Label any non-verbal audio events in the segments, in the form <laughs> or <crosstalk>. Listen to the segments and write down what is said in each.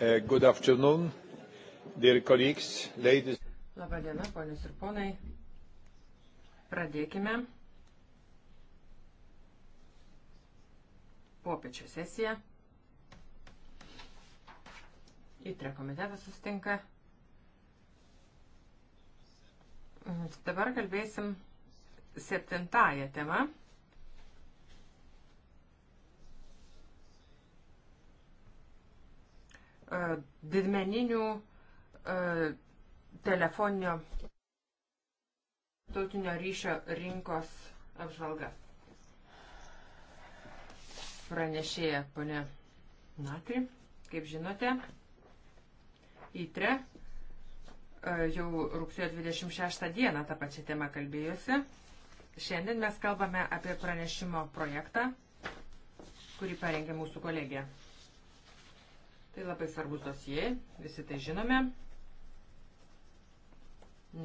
Uh, good afternoon, dear colleagues, ladies. Labadiena, ponius ir ponai. Pradėkime popiečio sesiją. Įtre komitetas sustinka. Dabar kalbėsim septintąją temą E, didmeninių e, telefoninio tautinio ryšio rinkos apžvalga. Pranešėja ponė Natri, kaip žinote, įtre e, jau rugsėjo 26 dieną tą pačią temą kalbėjusi. Šiandien mes kalbame apie pranešimo projektą, kurį parengė mūsų kolegė Tai labai svarbus dosijai, visi tai žinome,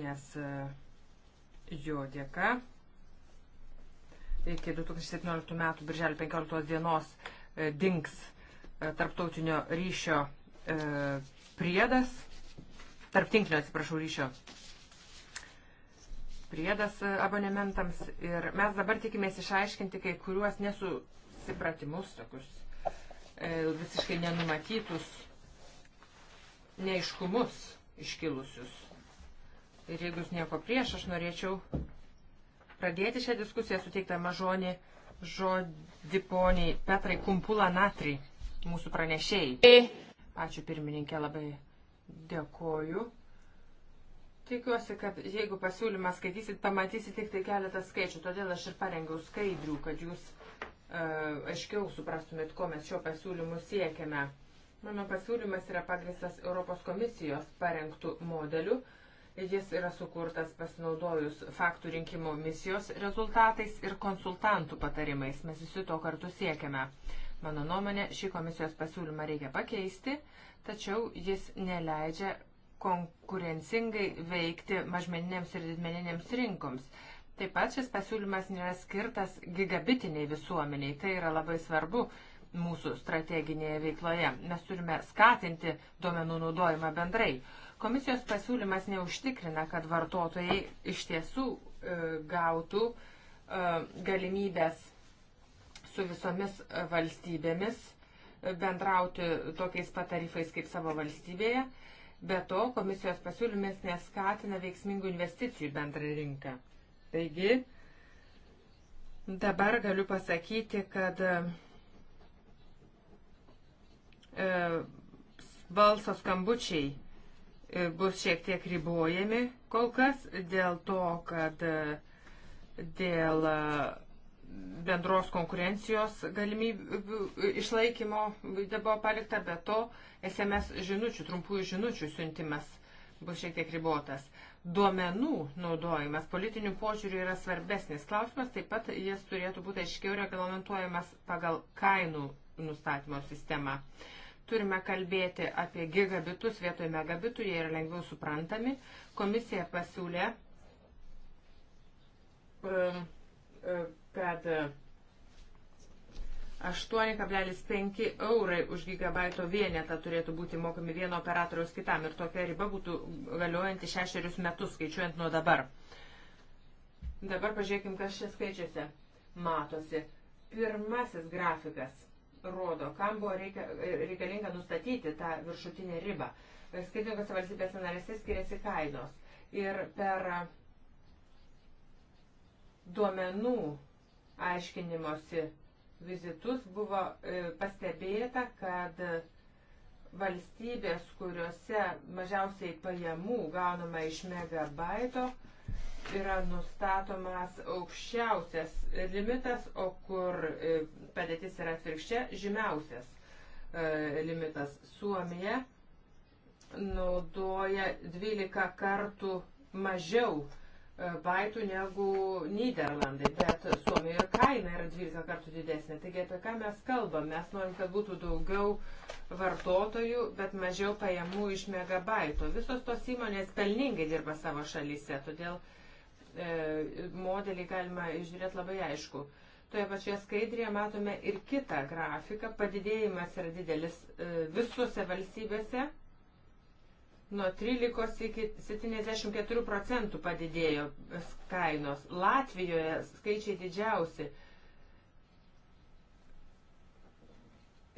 nes e, jo dėka iki 2017 metų birželio 15 dienos e, dinks e, tarptautinio ryšio priedas, tarptinklinio atsiprašau ryšio priedas abonementams ir mes dabar tikimės išaiškinti kai kuriuos nesusipratimus tokius E, visiškai nenumatytus neiškumus iškilusius. Ir jeigu jūs nieko prieš, aš norėčiau pradėti šią diskusiją suteiktą mažonį žodį poniai Petrai Kumpula Natri, mūsų pranešėjai. Ačiū pirmininkė, labai dėkoju. Tikiuosi, kad jeigu pasiūlymą skaitysit, pamatysit tik tai keletą skaičių, todėl aš ir parengiau skaidrių, kad jūs E, aiškiau suprastumėt, ko mes šio pasiūlymu siekiame. Mano pasiūlymas yra pagristas Europos komisijos parengtų modelių. Jis yra sukurtas pasinaudojus faktų rinkimo misijos rezultatais ir konsultantų patarimais. Mes visi to kartu siekiame. Mano nuomonė, šį komisijos pasiūlymą reikia pakeisti, tačiau jis neleidžia konkurencingai veikti mažmeninėms ir didmeninėms rinkoms Taip pat šis pasiūlymas nėra skirtas gigabitiniai visuomeniai. Tai yra labai svarbu mūsų strateginėje veikloje. Mes turime skatinti duomenų naudojimą bendrai. Komisijos pasiūlymas neužtikrina, kad vartotojai iš tiesų e, gautų e, galimybės su visomis e, valstybėmis e, bendrauti tokiais patarifais kaip savo valstybėje. Be to, komisijos pasiūlymas neskatina veiksmingų investicijų bendrą rinką. Taigi, dabar galiu pasakyti, kad e, balso skambučiai e, bus šiek tiek ribojami kol kas dėl to, kad dėl e, bendros konkurencijos galimybių išlaikymo buvo palikta, bet to SMS žinučių, trumpųjų žinučių siuntimas bus šiek tiek ribotas duomenų naudojimas politinių požiūrių yra svarbesnis klausimas, taip pat jis turėtų būti aiškiau reglamentuojamas pagal kainų nustatymo sistemą. Turime kalbėti apie gigabitus vietoj megabitų, jie yra lengviau suprantami. Komisija pasiūlė, um, uh, kad 8,5 eurai už gigabaito vienetą turėtų būti mokami vieno operatoriaus kitam ir tokia riba būtų galiojanti šešerius metus, skaičiuojant nuo dabar. Dabar pažiūrėkime, kas čia skaičiuose matosi. Pirmasis grafikas rodo, kam buvo reikia, reikalinga nustatyti tą viršutinę ribą. Skirtingose valstybės narėse skiriasi kainos. Ir per duomenų aiškinimosi vizitus buvo e, pastebėta, kad valstybės, kuriuose mažiausiai pajamų gaunama iš megabaito, yra nustatomas aukščiausias limitas, o kur e, padėtis yra atvirkščia, žymiausias e, limitas. Suomija naudoja 12 kartų mažiau E, baitų negu Niderlandai, bet Suomijoje kaina yra 12 kartų didesnė. Taigi apie ką mes kalbam? Mes norim, kad būtų daugiau vartotojų, bet mažiau pajamų iš megabaito. Visos tos įmonės pelningai dirba savo šalyse, todėl e, modelį galima žiūrėti labai aišku. Toje pačioje skaidrėje matome ir kitą grafiką. Padidėjimas yra didelis e, visose valstybėse nuo 13 iki 74 procentų padidėjo kainos. Latvijoje skaičiai didžiausi.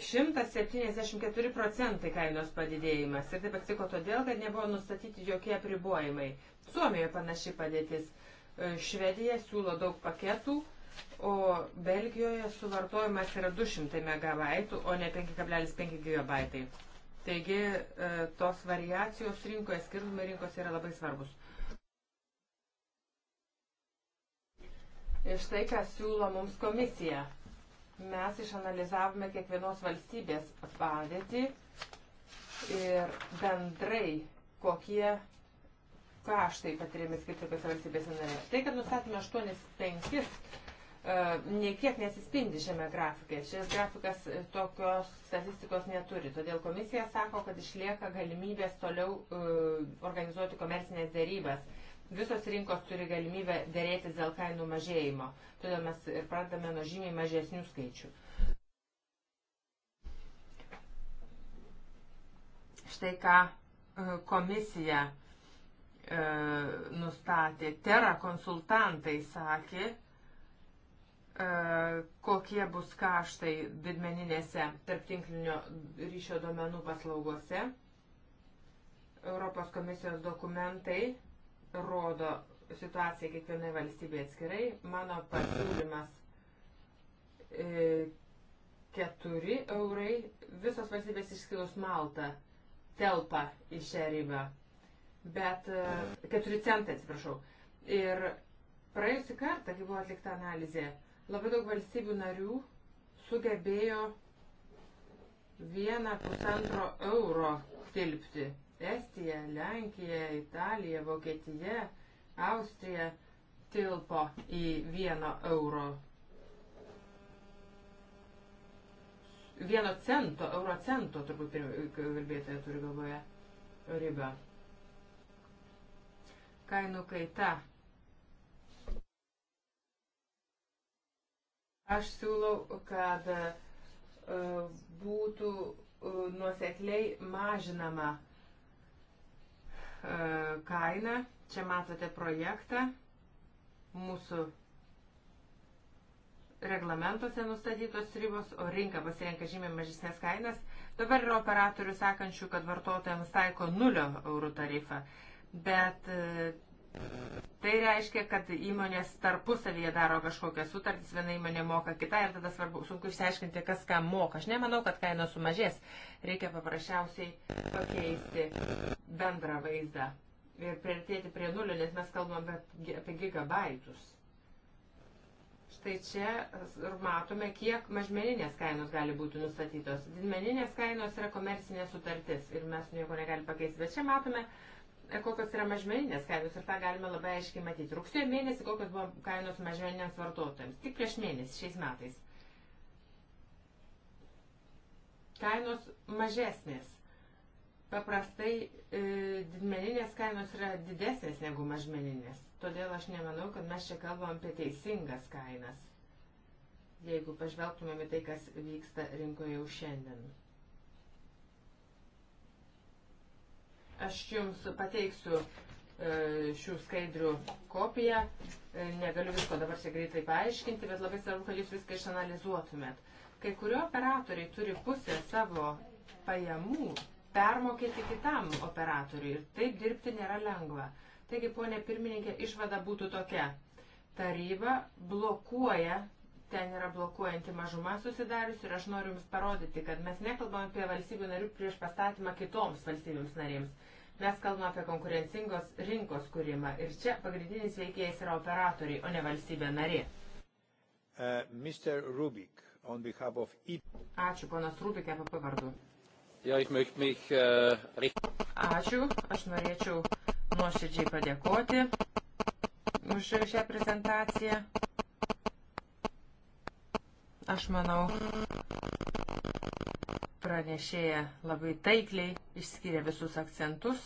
174 procentai kainos padidėjimas ir taip atsitiko todėl, kad nebuvo nustatyti jokie apribojimai. Suomijoje panaši padėtis. E, Švedija siūlo daug paketų, o Belgijoje suvartojimas yra 200 MB, o ne 5,5 GB. Taigi e, tos variacijos rinkoje, skirtumai rinkose yra labai svarbus. Iš tai, ką siūlo mums komisija, mes išanalizavome kiekvienos valstybės padėtį ir bendrai kokie kaštai patiriami skirtingose valstybėse narėse. Tai, kad nustatėme 8-5 niekiek nesispindi šiame grafike. Šis grafikas e, tokios statistikos neturi. Todėl komisija sako, kad išlieka galimybės toliau e, organizuoti komercinės dėrybas. Visos rinkos turi galimybę dėrėtis dėl kainų mažėjimo. Todėl mes ir pradame nuo žymiai mažesnių skaičių. Štai ką e, komisija e, nustatė. Tera konsultantai sakė, E, kokie bus kaštai didmeninėse tarptinklinio ryšio domenų paslaugose. Europos komisijos dokumentai rodo situaciją kiekvienai valstybei atskirai. Mano pasiūlymas e, 4 eurai, visos valstybės išskyrus Malta telpa į šią ribą. Bet 4 e, centai, atsiprašau. Ir praėjusį kartą, kai buvo atlikta analizė, Labai daug valstybių narių sugebėjo vieną pusantro euro tilpti. Estija, Lenkija, Italija, Vokietija, Austrija tilpo į vieno euro. Vieno cento, euro cento, turbūt kalbėtoje turi galvoje ribą. Kainų kaita Aš siūlau, kad e, būtų e, nuosekliai mažinama e, kaina. Čia matote projektą mūsų reglamentuose nustatytos ribos, o rinka pasirenka žymiai mažesnės kainas. Dabar yra operatorių sakančių, kad vartotojams taiko nulio eurų tarifą, bet Tai reiškia, kad įmonės tarpusavyje daro kažkokią sutartis, viena įmonė moka kitą ir tada svarbu, sunku išsiaiškinti, kas ką moka. Aš nemanau, kad kainos sumažės. Reikia paprasčiausiai pakeisti bendrą vaizdą ir prieartėti prie nulio, nes mes kalbam apie gigabaitus. Štai čia ir matome, kiek mažmeninės kainos gali būti nustatytos. Didmeninės kainos yra komercinė sutartis ir mes nieko negalime pakeisti. Bet čia matome, kokios yra mažmeninės kainos ir tą galime labai aiškiai matyti. Rugsėjo mėnesį kokios buvo kainos mažmeniniams vartotojams, tik prieš mėnesį šiais metais. Kainos mažesnės. Paprastai e, didmeninės kainos yra didesnės negu mažmeninės. Todėl aš nemanau, kad mes čia kalbam apie teisingas kainas. Jeigu pažvelgtumėm į tai, kas vyksta rinkoje jau šiandien. Aš jums pateiksiu e, šių skaidrių kopiją. E, negaliu visko dabar čia greitai paaiškinti, bet labai svarbu, kad jūs viską išanalizuotumėt. Kai kurio operatoriai turi pusę savo pajamų permokėti kitam operatoriui ir taip dirbti nėra lengva. Taigi, ponė pirmininkė, išvada būtų tokia. Taryba blokuoja, ten yra blokuojanti mažuma susidarius ir aš noriu Jums parodyti, kad mes nekalbam apie valstybių narių prieš pastatymą kitoms valstybėms narėms Mes kalbame apie konkurencingos rinkos kūrimą ir čia pagrindinis veikėjas yra operatoriai, o ne valstybė narė. Uh, Rubik, of... Ačiū, ponas Rubik, apie vardu. Ja, ich möchte mich, uh, Ačiū, aš norėčiau nuoširdžiai padėkoti už šią prezentaciją. Aš manau, Pranešėja labai taikliai išskiria visus akcentus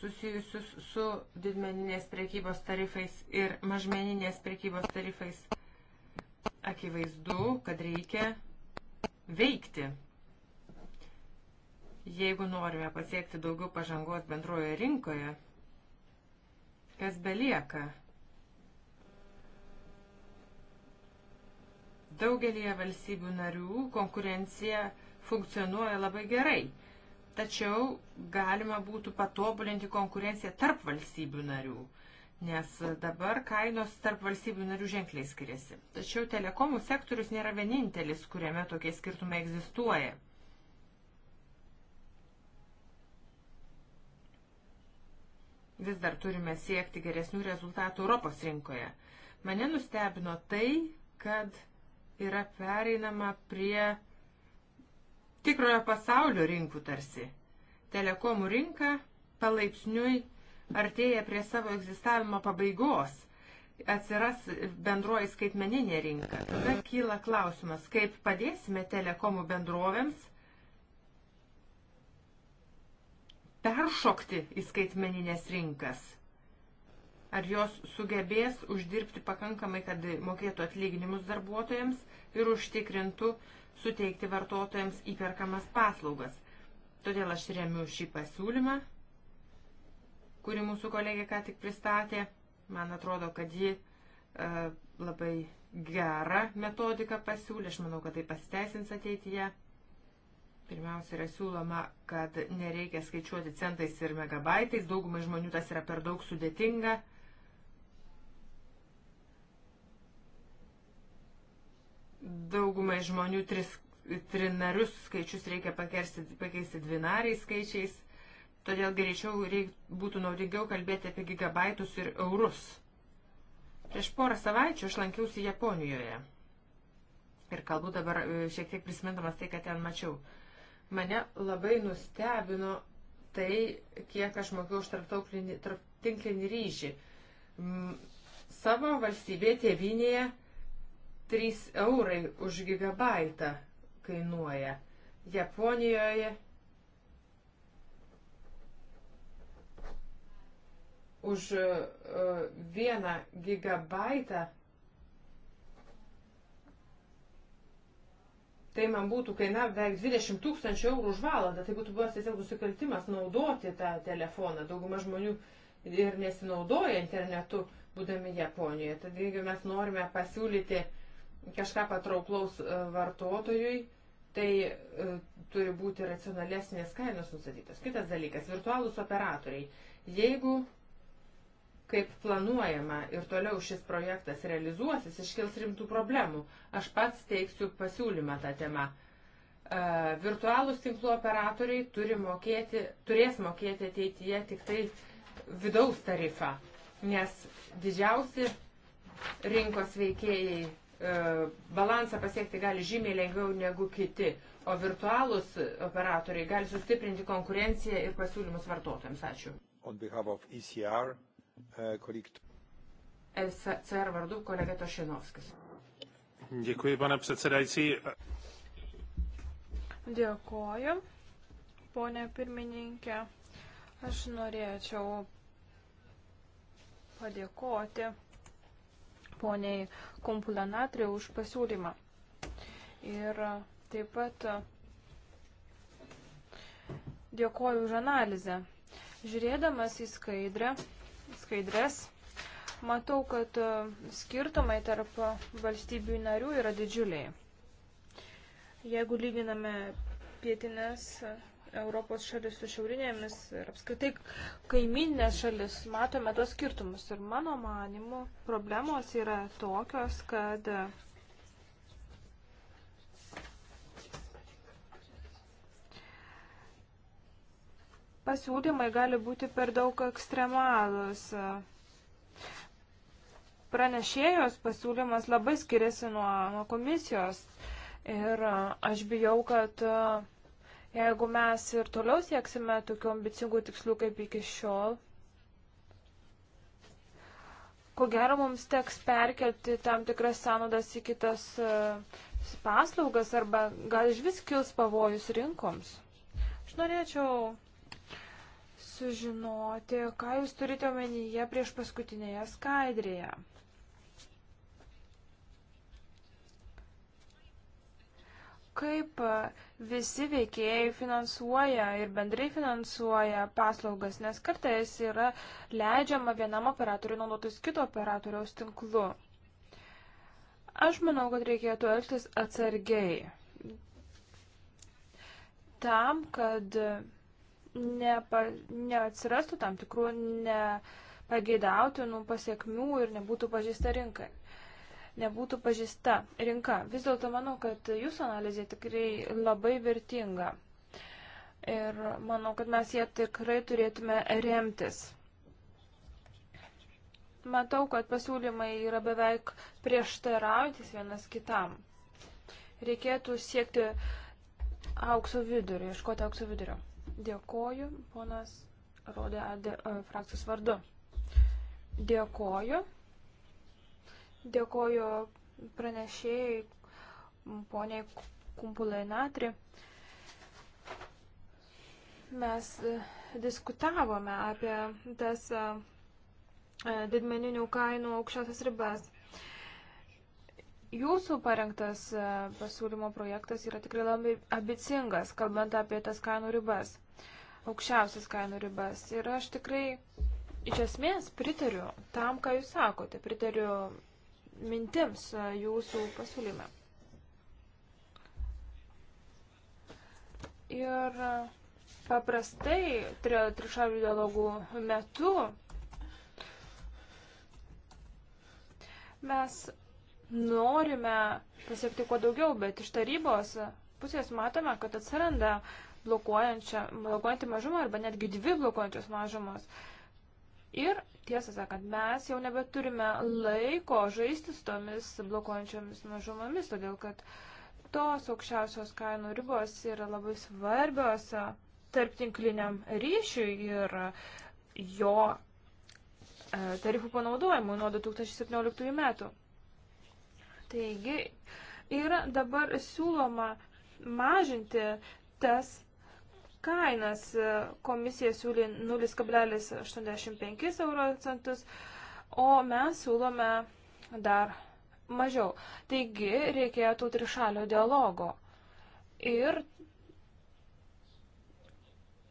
susijusius su didmeninės prekybos tarifais ir mažmeninės prekybos tarifais. Akivaizdu, kad reikia veikti. Jeigu norime pasiekti daugiau pažangos bendroje rinkoje, kas belieka? Daugelie valstybių narių konkurencija funkcionuoja labai gerai, tačiau galima būtų patobulinti konkurenciją tarp valstybių narių, nes dabar kainos tarp valstybių narių ženkliai skiriasi. Tačiau telekomų sektorius nėra vienintelis, kuriame tokie skirtumai egzistuoja. vis dar turime siekti geresnių rezultatų Europos rinkoje. Mane nustebino tai, kad yra pereinama prie tikrojo pasaulio rinkų tarsi. Telekomų rinka palaipsniui artėja prie savo egzistavimo pabaigos. Atsiras bendroji skaitmeninė rinka. Tada kyla klausimas, kaip padėsime telekomų bendrovėms peršokti į skaitmeninės rinkas. Ar jos sugebės uždirbti pakankamai, kad mokėtų atlyginimus darbuotojams ir užtikrintų uh, suteikti vartotojams įperkamas paslaugas. Todėl aš remiu šį pasiūlymą, kurį mūsų kolegė ką tik pristatė. Man atrodo, kad ji e, labai gerą metodiką pasiūlė, aš manau, kad tai pasiteisins ateityje. Pirmiausia, yra siūloma, kad nereikia skaičiuoti centais ir megabaitais, daugumai žmonių tas yra per daug sudėtinga. daugumai žmonių tris, trinarius skaičius reikia pakersti, pakeisti dvinariais skaičiais, todėl greičiau reik, būtų naudingiau kalbėti apie gigabaitus ir eurus. Prieš porą savaičių aš lankiausi Japonijoje. Ir kalbu dabar e, šiek tiek prisimindamas tai, ką ten mačiau. Mane labai nustebino tai, kiek aš mokiau už tarptinklinį ryšį. M, savo valstybėje tėvinėje 3 eurai už gigabaitą kainuoja. Japonijoje už e, vieną gigabaitą tai man būtų kainavę beveik 20 tūkstančių eurų už valandą, tai būtų buvęs tiesiog nusikaltimas naudoti tą telefoną. Dauguma žmonių ir nesinaudoja internetu, būdami Japonijoje. Tad jeigu mes norime pasiūlyti uh, kažką patrauklaus e, vartotojui, tai e, turi būti racionalesnės kainos nustatytos. Kitas dalykas - virtualūs operatoriai. Jeigu kaip planuojama ir toliau šis projektas realizuosis, iškils rimtų problemų. Aš pats teiksiu pasiūlymą tą temą. E, virtualūs tinklų operatoriai turi mokėti, turės mokėti ateityje tik tai vidaus tarifą, nes didžiausi rinkos veikėjai E, balansą pasiekti gali žymiai lengviau negu kiti, o virtualūs operatoriai gali sustiprinti konkurenciją ir pasiūlymus vartotojams. Ačiū. ECR, uh, kolik... SCR vardu kolega Tošinovskis. Děkuji, pane předsedající. Dėkoju, ponė pirmininkė. Aš norėčiau padėkoti poniai Kompulanatri už pasiūlymą. Ir taip pat dėkoju už analizę. Žiūrėdamas į skaidrę, skaidrės, matau, kad skirtumai tarp valstybių narių yra didžiuliai. Jeigu lyginame pietinės Europos šalis su šiaurinėmis ir apskritai kaiminės šalis, matome tos skirtumus. Ir mano manimu, problemos yra tokios, kad pasiūlymai gali būti per daug ekstremalus. Pranešėjos pasiūlymas labai skiriasi nuo, nuo komisijos. Ir aš bijau, kad uh, Jeigu mes ir toliau sieksime tokių ambicingų tikslų kaip iki šiol, ko gero mums teks perkelti tam tikras sąnaudas į kitas e, paslaugas arba gal iš vis kils pavojus rinkoms. Aš norėčiau sužinoti, ką jūs turite omenyje prieš paskutinėje skaidrėje. kaip visi veikėjai finansuoja ir bendrai finansuoja paslaugas, nes kartais yra leidžiama vienam operatoriui naudotis kito operatoriaus tinklu. Aš manau, kad reikėtų elgtis atsargiai. Tam, kad nepa, neatsirastų tam tikrų nepageidautinų pasiekmių ir nebūtų pažįsta rinkai nebūtų pažįsta rinka. Vis dėlto manau, kad jūsų analizė tikrai labai vertinga. Ir manau, kad mes ją tikrai turėtume remtis. Matau, kad pasiūlymai yra beveik prieštaraujantis vienas kitam. Reikėtų siekti aukso vidurio, ieškoti aukso vidurio. Dėkoju, ponas Rodė Ade, e, frakcijos vardu. Dėkoju. Dėkoju pranešėjai, poniai Kumpulai Natri. Mes e, diskutavome apie tas e, e, didmeninių kainų aukščiausias ribas. Jūsų parengtas pasiūlymo projektas yra tikrai labai ambicingas, kalbant apie tas kainų ribas, aukščiausias kainų ribas. Ir aš tikrai iš esmės pritariu tam, ką jūs sakote, pritariu mintims e, jūsų pasiūlyme. Ir e, paprastai trišalių dialogų metu mes norime pasiekti kuo daugiau, bet iš tarybos pusės matome, kad atsiranda blokuojanti mažuma arba netgi dvi blokuojančios mažumos. Uh, Ir tiesą sakant, mes jau nebeturime laiko žaisti su tomis blokuojančiomis mažumomis, todėl kad tos aukščiausios kainų ribos yra labai svarbios tarp tinkliniam ryšiui ir jo e, tarifų panaudojimui nuo 2017 metų. Taigi, yra dabar siūloma mažinti tas kainas. Komisija siūlė 0,85 euro centus, o mes siūlome dar mažiau. Taigi reikėtų trišalio dialogo. Ir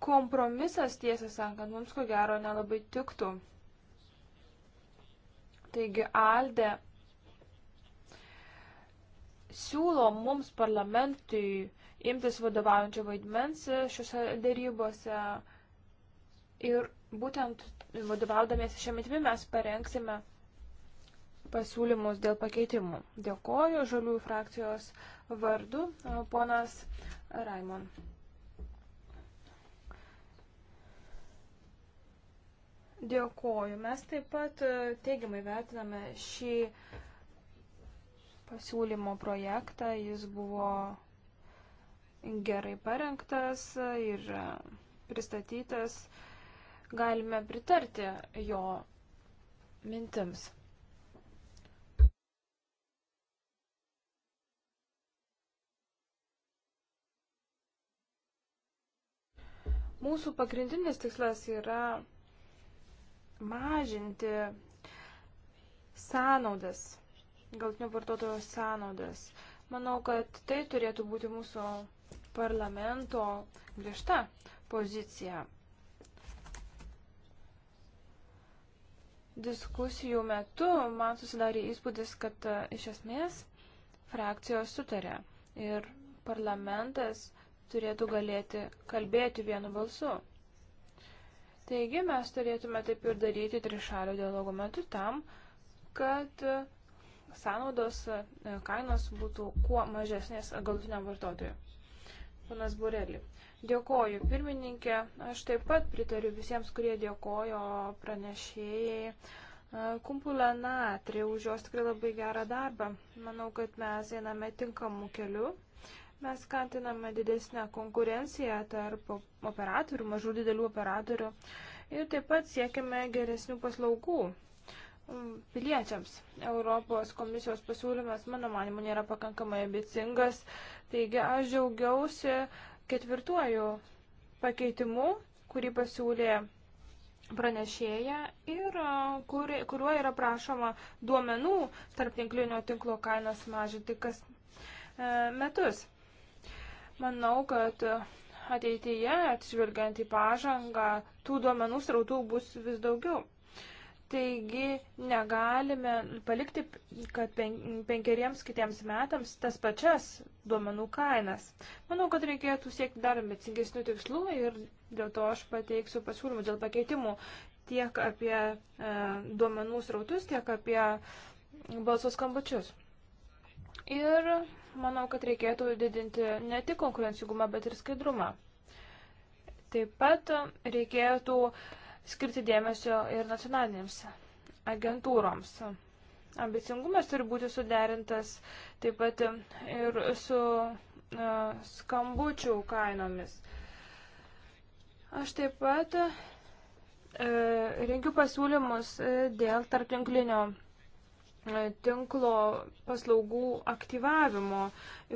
kompromisas, tiesą sakant, mums ko gero nelabai tiktų. Taigi Alde siūlo mums parlamentui imtis vadovaujančio vaidmens e, šiuose dėrybose. Ir būtent vadovaudamiesi šią mitmį mes parengsime pasiūlymus dėl pakeitimų. Dėkoju žaliųjų frakcijos vardu, e, ponas Raimon. Dėkoju. Mes taip pat e, teigiamai vertiname šį pasiūlymo projektą. Jis buvo gerai parengtas ir pristatytas, galime pritarti jo mintims. Mūsų pagrindinis tikslas yra mažinti sąnaudas, galtinio vartotojo sąnaudas. Manau, kad tai turėtų būti mūsų parlamento griežta pozicija. Diskusijų metu man susidarė įspūdis, kad e, iš esmės frakcijos sutarė ir parlamentas turėtų galėti kalbėti vienu balsu. Taigi mes turėtume taip ir daryti trišalio dialogo metu tam, kad sąnaudos e, kainos būtų kuo mažesnės galutiniam vartotojui. Panas Burelį. Dėkoju pirmininkė. Aš taip pat pritariu visiems, kurie dėkojo pranešėjai. Kumpulė Natri už jos tikrai labai gerą darbą. Manau, kad mes einame tinkamų kelių. Mes skatiname didesnę konkurenciją tarp operatorių, mažų didelių operatorių ir taip pat siekiame geresnių paslaugų piliečiams. Europos komisijos pasiūlymas, mano manimu, nėra pakankamai ambicingas. Taigi aš džiaugiausi ketvirtuoju pakeitimu, kurį pasiūlė pranešėja ir kur, kuriuo yra prašoma duomenų tarp tinklinio tinklo kainos mažinti kas e, metus. Manau, kad ateityje, atžvilgiant į pažangą, tų duomenų srautų bus vis daugiau. Taigi negalime palikti, kad penkeriems kitiems metams tas pačias duomenų kainas. Manau, kad reikėtų siekti dar ambicingesnių tikslų ir dėl to aš pateiksiu pasiūlymų dėl pakeitimų tiek apie e, duomenų srautus, tiek apie balsos skambučius. Ir manau, kad reikėtų didinti ne tik konkurencingumą, bet ir skaidrumą. Taip pat reikėtų e, skirti dėmesio ir nacionalinėms agentūroms. Ambicingumas turi būti suderintas taip pat ir su uh, skambučių kainomis. Aš taip pat uh, rengiu pasiūlymus e, dėl tarptinklinio tinklo paslaugų aktyvavimo.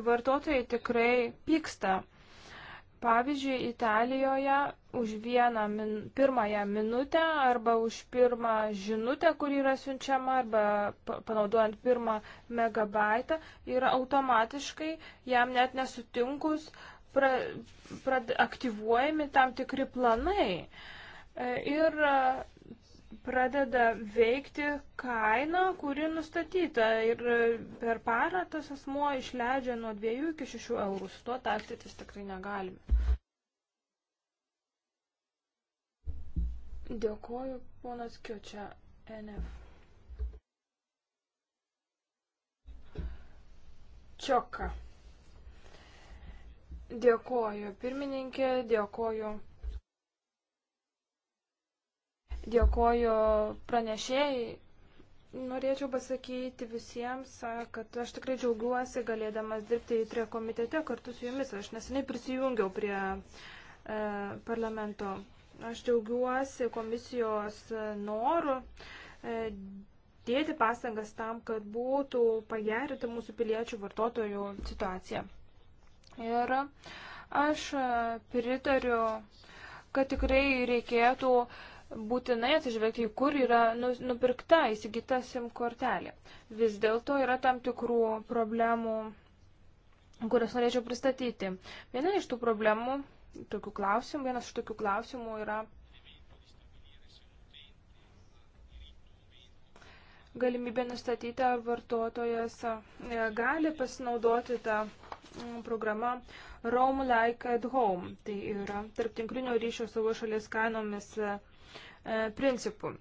Vartotojai tikrai pyksta Pavyzdžiui, Italijoje už vieną min, pirmąją minutę arba už pirmą žinutę, kuri yra siunčiama, arba panaudojant pirmą megabaitą, yra automatiškai jam net nesutinkus pra, pra, aktyvuojami tam tikri planai. E, ir pradeda veikti kaina, kuri nustatyta ir per parą tas asmuo išleidžia nuo 2 iki 6 eurų. Su tuo taktytis tikrai negalime. Dėkoju, ponas Kiočia, NF. Čioka. Dėkoju, pirmininkė, dėkoju. Dėkoju pranešėjai. Norėčiau pasakyti visiems, kad aš tikrai džiaugiuosi galėdamas dirbti į trie komitete kartu su jumis. Aš neseniai prisijungiau prie e, parlamento. Aš džiaugiuosi komisijos e, noru e, dėti pastangas tam, kad būtų pagerinta mūsų piliečių vartotojų situacija. Ir aš e, pritariu, kad tikrai reikėtų e, būtinai atsižvelgti, kur yra nu, nupirkta įsigyta SIM kortelė. Vis dėlto yra tam tikrų problemų, kurias norėčiau pristatyti. Viena iš tų problemų, tokių klausimų, vienas iš tokių klausimų yra galimybė nustatyti, ar vartotojas e, gali pasinaudoti tą mm, programa Roam Like at Home. Tai yra tarptinklinio ryšio savo šalies kainomis e, principų.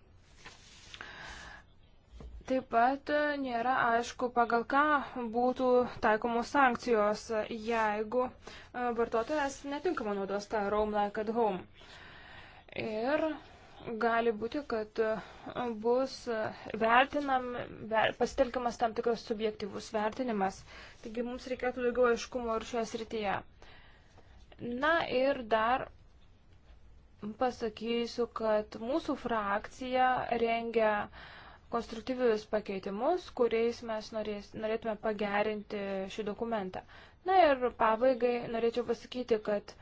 Taip pat nėra aišku, pagal ką būtų taikomos sankcijos, jeigu e, vartotojas netinkamai naudos tą Roam Like at Home. Ir gali būti, kad e, bus vertinam, ver, pasitelkiamas tam tikras subjektivus vertinimas. Taigi mums reikėtų daugiau aiškumo ir šioje srityje. Na ir dar pasakysiu, kad mūsų frakcija rengia konstruktyvius pakeitimus, kuriais mes norės, norėtume pagerinti šį dokumentą. Na ir pabaigai norėčiau pasakyti, kad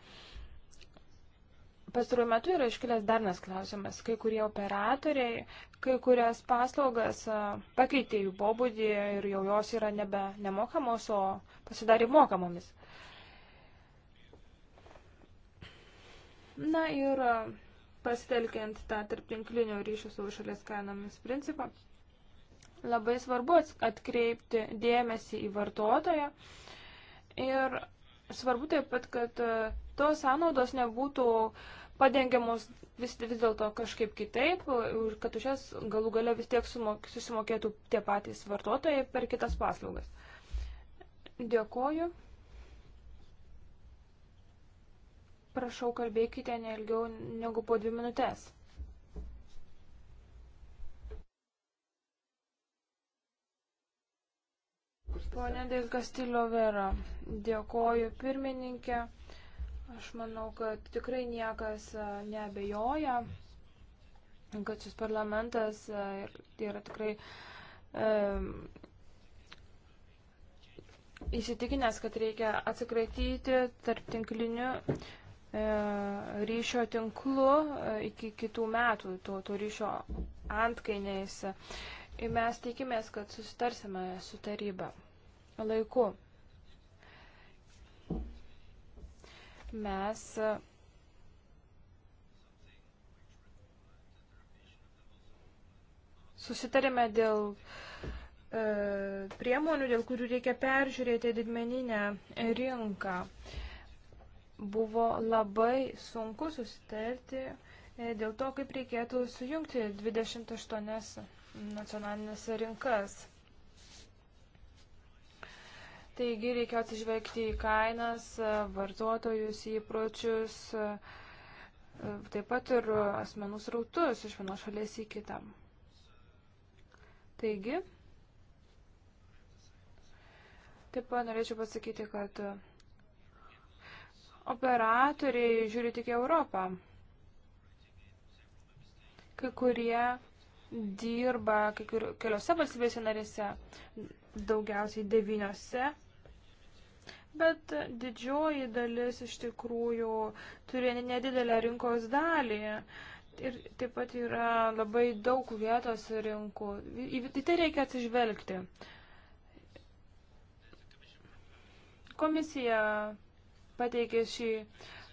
pastaruoju metu yra iškilęs darnas klausimas. Kai kurie operatoriai, kai kurias paslaugas pakeitė jų pobūdį ir jau jos yra nebe nemokamos, o pasidarė mokamomis. Na ir pasitelkiant tą tarptinklinio ryšio su šalies kainomis principą, labai svarbu atkreipti dėmesį į vartotoją ir svarbu taip pat, kad tos sąnaudos nebūtų padengiamos vis, vis dėlto kažkaip kitaip ir kad už jas galų gale vis tiek sumok, susimokėtų tie patys vartotojai per kitas paslaugas. Dėkoju. Prašau, kalbėkite neilgiau negu po dvi minutės. Pone Desgastilio Vera, dėkoju pirmininkė. Aš manau, kad tikrai niekas e, nebejoja, kad šis parlamentas e, yra tikrai e, įsitikinęs, kad reikia atsikratyti tarp tinklinių E, ryšio tinklu e, iki kitų metų, to, to ryšio antkainiais. Ir mes tikimės, kad susitarsime su taryba laiku. Mes e, susitarėme dėl priemonių, dėl kurių reikia peržiūrėti didmeninę rinką. E, buvo labai sunku susitarti e, dėl to, kaip reikėtų sujungti 28 nacionalinės rinkas. Taigi reikia atsižvelgti į kainas, e, vartotojus, įpročius, e, taip pat ir asmenų srautus iš vienos šalies į kitą. Taigi, taip pat norėčiau pasakyti, kad operatoriai žiūri tik Europą. Kai kurie dirba kai kur, keliose valstybėse narėse, daugiausiai devyniose, bet didžioji dalis iš tikrųjų turi nedidelę rinkos dalį. Ir taip pat yra labai daug vietos rinkų. Į tai, tai reikia atsižvelgti. Komisija pateikė šį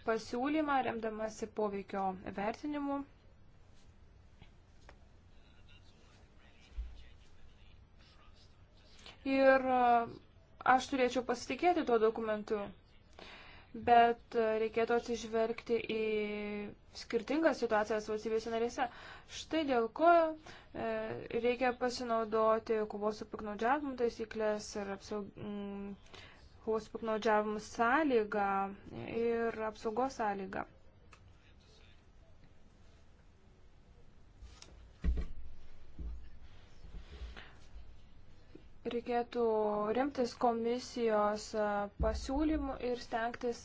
pasiūlymą, remdamasi poveikio vertinimu. Ir e, aš turėčiau pasitikėti tuo dokumentu, bet e, reikėtų atsižvelgti į skirtingas situacijas valstybėse narėse. Štai dėl ko e, reikia pasinaudoti kovos su piknaudžiavimu taisyklės ir apsaug kovos piknaudžiavimų sąlygą ir apsaugos sąlygą. Reikėtų remtis komisijos pasiūlymų ir stengtis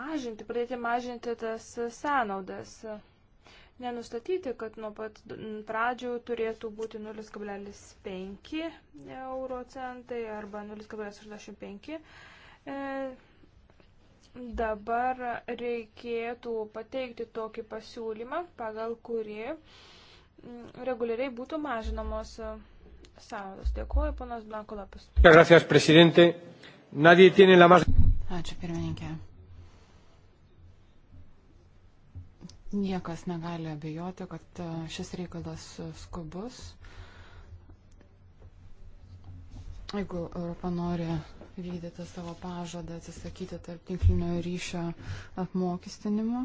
mažinti, pradėti mažinti tas sąnaudas nenustatyti, kad nuo pat pradžių turėtų būti 0,5 euro centai arba 0,85. E, dabar reikėtų pateikti tokį pasiūlymą, pagal kurį mm, reguliariai būtų mažinamos e, sąnaudos. Dėkuoju, ponas Blanko Lapas. Ačiū, pirmininkė. Niekas negali abejoti, kad e, šis reikalas skubus. Jeigu Europa nori vykdyti savo pažadą atsisakyti tarp tinklinio ryšio apmokestinimo,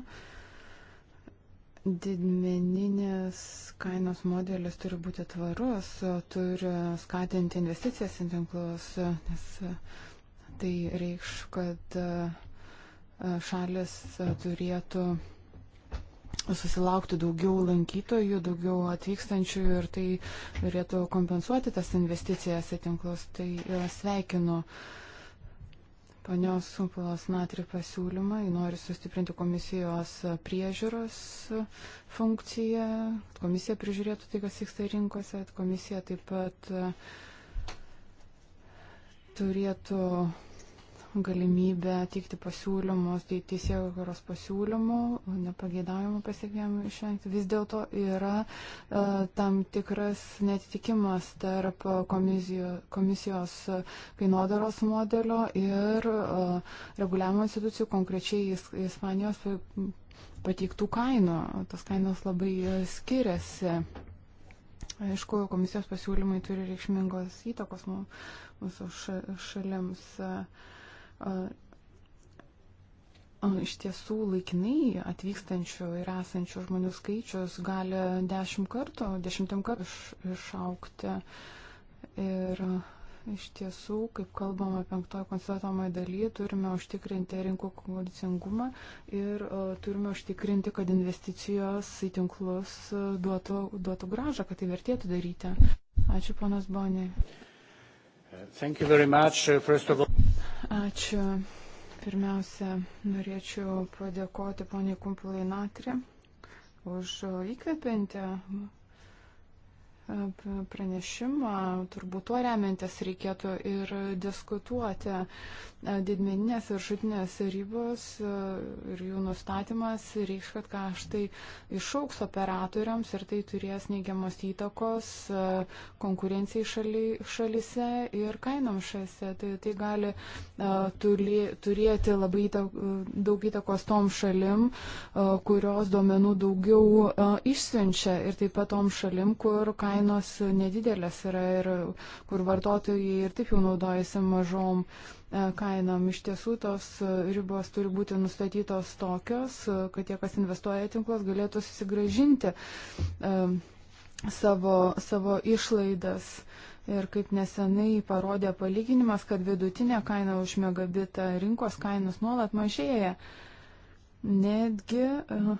didmeninės kainos modelis turi būti tvarus, turi skatinti investicijas į tinklus, nes tai reikš, kad e, šalis turėtų susilaukti daugiau lankytojų, daugiau atvykstančių ir tai turėtų kompensuoti tas investicijas į tinklus. Tai e, sveikinu panios Sumpilos Natri pasiūlymą, nori sustiprinti komisijos priežiūros funkciją, kad komisija prižiūrėtų tai, kas vyksta rinkose, kad komisija taip pat turėtų galimybę teikti pasiūlymus, tai teisėkuros pasiūlymų, nepageidavimų pasiekėjimų išvengti. Vis dėlto yra e, tam tikras netitikimas tarp komisijos, komisijos kainodaros modelio ir e, reguliavimo institucijų, konkrečiai Ispanijos pateiktų kainų. Tos kainos labai e, skiriasi. Aišku, komisijos pasiūlymai turi reikšmingos įtakos mūsų šalims. Uh, Iš tiesų laikinai atvykstančių ir esančių žmonių skaičius gali dešimt kartų, dešimtim kartų iš, išaukti. Ir iš tiesų, kaip kalbama penktojo konstatuojamoje dalyje, turime užtikrinti rinkų konkurencingumą ir uh, turime užtikrinti, kad investicijos į tinklus uh, duotų, duotų gražą, kad tai vertėtų daryti. Ačiū, ponas Bonė. Uh, all... Ačiū. Pirmiausia, norėčiau padėkoti poniai Kumpulai Natri už įkvepiantę pranešimą, turbūt tuo remiantis reikėtų ir diskutuoti didmeninės ir žudinės ribos ir jų nustatymas reikš, kad kaštai išauks operatoriams ir tai turės neigiamos įtakos konkurencijai šaly, šalise ir kainom šalise. Tai, tai gali turi, turėti labai įtak, daug įtakos tom šalim, kurios duomenų daugiau išsiunčia ir taip pat tom šalim, kur kainom kainos nedidelės yra ir kur vartotojai ir taip jau naudojasi mažom e, kainom. Iš tiesų tos ribos turi būti nustatytos tokios, e, kad tie, kas investuoja į tinklus, galėtų susigražinti e, savo, savo išlaidas. Ir kaip nesenai parodė palyginimas, kad vidutinė kaina už megabitą rinkos kainos nuolat mažėja. Netgi uh,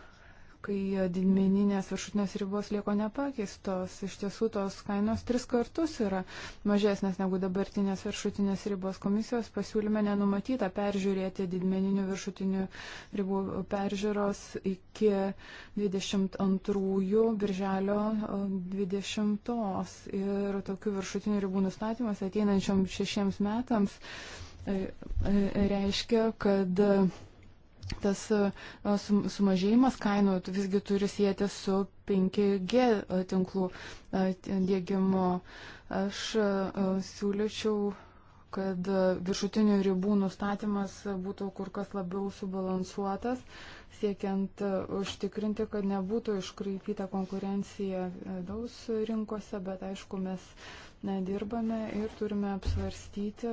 kai didmeninės viršutinės ribos lieko nepakeistos. Iš tiesų tos kainos tris kartus yra mažesnės negu dabartinės viršutinės ribos. Komisijos pasiūlyme nenumatyta peržiūrėti didmeninių viršutinių ribų peržiūros iki 22 birželio 20. Ir tokių viršutinių ribų nustatymas ateinančiam šešiems metams e, e, reiškia, kad tas e, e, sumažėjimas kainų visgi turi sėti su 5G e, tinklų dėgymu. Aš siūlyčiau kad viršutinių ribų nustatymas būtų kur kas labiau subalansuotas, siekiant užtikrinti, kad nebūtų iškraipyta konkurencija vidaus rinkose, bet aišku, mes dirbame ir turime apsvarstyti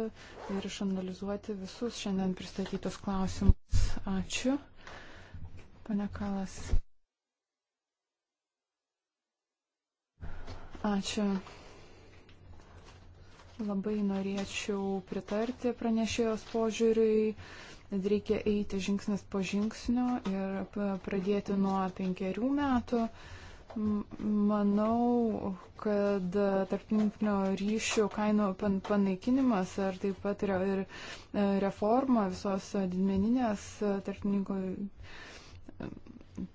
ir išanalizuoti visus šiandien pristatytus klausimus. Ačiū. Pane Kalas. Ačiū. Labai norėčiau pritarti pranešėjos požiūriui, kad reikia eiti žingsnis po žingsnio ir pradėti nuo penkerių metų. Uh, Manau, kad tarptinklinio ryšių kainų panaikinimas ar taip pat ir e, reforma visos didmeninės tarptinklinio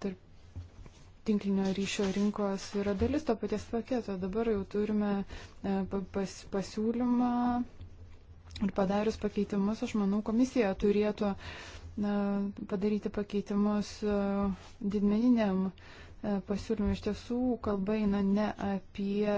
tarp ryšio rinkos yra dalis to paties paketo. Dabar jau turime e, pas, pasiūlymą ir padarius pakeitimus, aš manau, komisija turėtų na, padaryti pakeitimus e, didmeniniam uh, pasiūlymų. Iš tiesų, kalba eina ne apie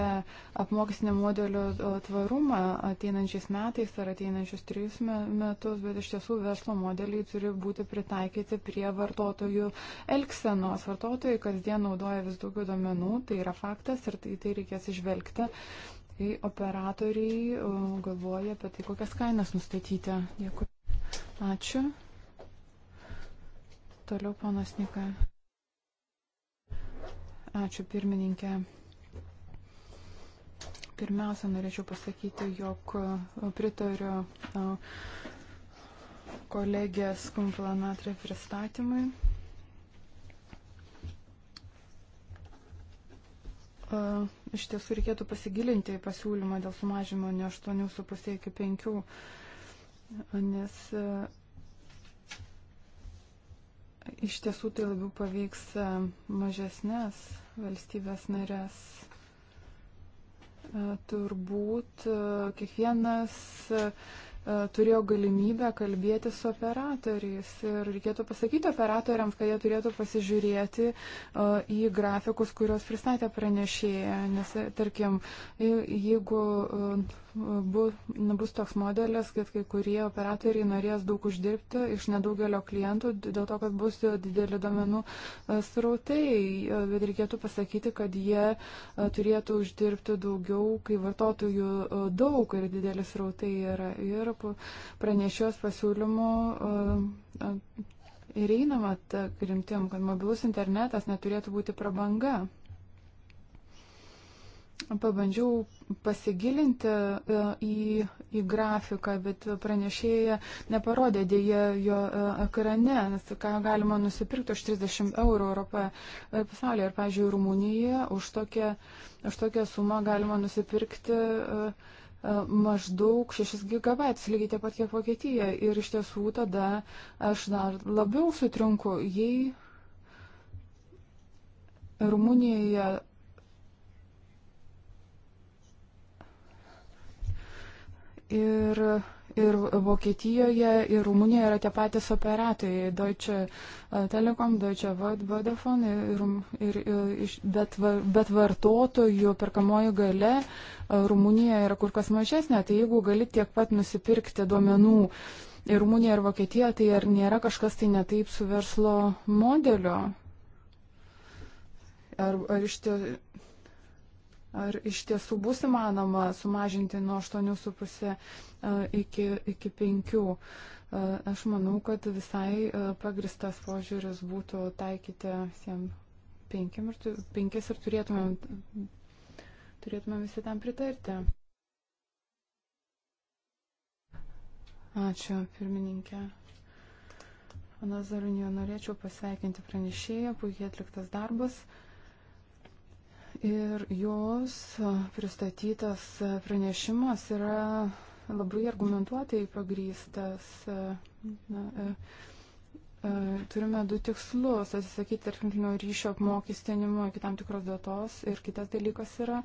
apmokestinio modelio tvarumą ateinančiais metais ar ateinančius trijus metus, bet iš tiesų verslo modeliai turi būti pritaikyti prie vartotojų elgsenos. Vartotojai kasdien naudoja vis daugiau domenų, tai yra faktas ir tai, tai reikės išvelgti. Kai operatoriai galvoja apie tai, kokias kainas nustatyti. Dėkui. Ačiū. Toliau panas Nikai. Ačiū pirmininkė. Pirmiausia, norėčiau pasakyti, jog e, pritariu e, kolegės kumplanatrė pristatymui. E, iš tiesų reikėtų pasigilinti į pasiūlymą dėl sumažimo ne 8,5 iki 5, nes iš tiesų tai labiau paveiks e, mažesnės valstybės narės. E, turbūt e, kiekvienas turėjo galimybę kalbėti su operatoriais. Ir reikėtų pasakyti operatoriams, kad jie turėtų pasižiūrėti į grafikus, kuriuos pristatė pranešėja. Nes, tarkim, jeigu bu, bus toks modelis, kad kai kurie operatoriai norės daug uždirbti iš nedaugelio klientų dėl to, kad bus dideli domenų e, srautai, e, bet reikėtų pasakyti, kad jie e, turėtų uždirbti daugiau, kai vartotojų daug ir didelis srautai yra. Ir pranešios pasiūlymų ir einama ta krimtim, kad mobilus internetas neturėtų būti prabanga pabandžiau pasigilinti e, į, į grafiką, bet pranešėja neparodė dėje jo e, ekrane, nes ką galima nusipirkti už 30 eurų Europoje ir e, pasaulyje. Ir, pavyzdžiui, Rumunijoje už tokią, už tokią sumą galima nusipirkti maždaug 6 gigabaitus, lygiai taip pat kiek Vokietija. Ir iš tiesų tada aš dar labiau sutrinku, jei Rumunijoje ir, ir Vokietijoje, ir Rumunijoje yra tie patys operatoriai - Deutsche e, Telekom, Deutsche Vodafone, ir, ir, ir, bet, bet vartotojų perkamoji gale Rumunijoje yra kur kas mažesnė. Tai jeigu gali tiek pat nusipirkti duomenų ir Rumunijoje, ir Vokietijoje, tai ar nėra kažkas tai netaip su verslo modeliu? Ar, ar iš tiesų ar iš tiesų bus įmanoma sumažinti nuo 8,5 e, iki, iki 5. E, aš manau, kad visai e, pagristas požiūris būtų taikyti visiems 5 ir turėtumėm, turėtumėm visi tam pritarti. Ačiū, pirmininkė. Ana Zarunio, norėčiau pasveikinti pranešėją, puikiai atliktas darbas. Uh, Ir jos pristatytas pranešimas yra labai argumentuotai pagrystas. Na, e, e, turime du tikslus - atsisakyti tarptinklinio ryšio apmokestinimo iki tam tikros datos ir kitas dalykas yra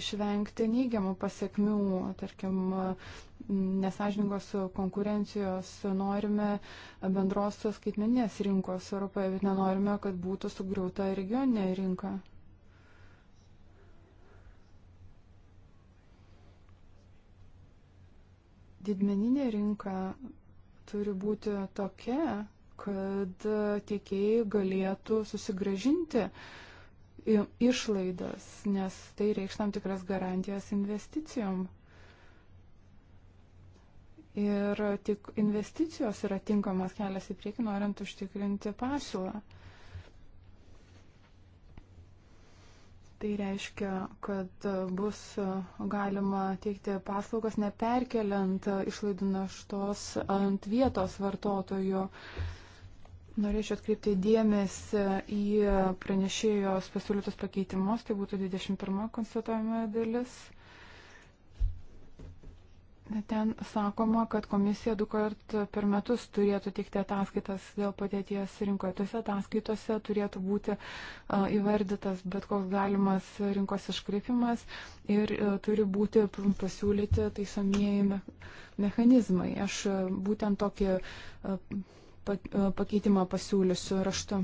išvengti neigiamų pasiekmių, tarkim, nesažiningos konkurencijos. Norime bendros skaitmeninės rinkos Europoje, bet nenorime, kad būtų sugriauta regioninė rinka. Didmeninė rinka turi būti tokia, kad tiekėjai galėtų susigražinti išlaidas, nes tai reikš tam tikras garantijas investicijom. Ir tik investicijos yra tinkamas kelias į priekį, norint užtikrinti pasiūlą. Tai reiškia, kad bus galima teikti paslaugas neperkeliant išlaidų naštos ant vietos vartotojų. Norėčiau atkreipti dėmesį į pranešėjos pasiūlytus pakeitimus, tai būtų 21 konstatuojama dalis. Ten sakoma, kad komisija du kart per metus turėtų teikti ataskaitas dėl patėties rinkoje. Tose ataskaitose turėtų būti įvardytas bet koks galimas rinkos iškreipimas ir e, turi būti pasiūlyti taisomieji mechanizmai. Aš e, būtent tokį pakeitimą pasiūlysiu raštu.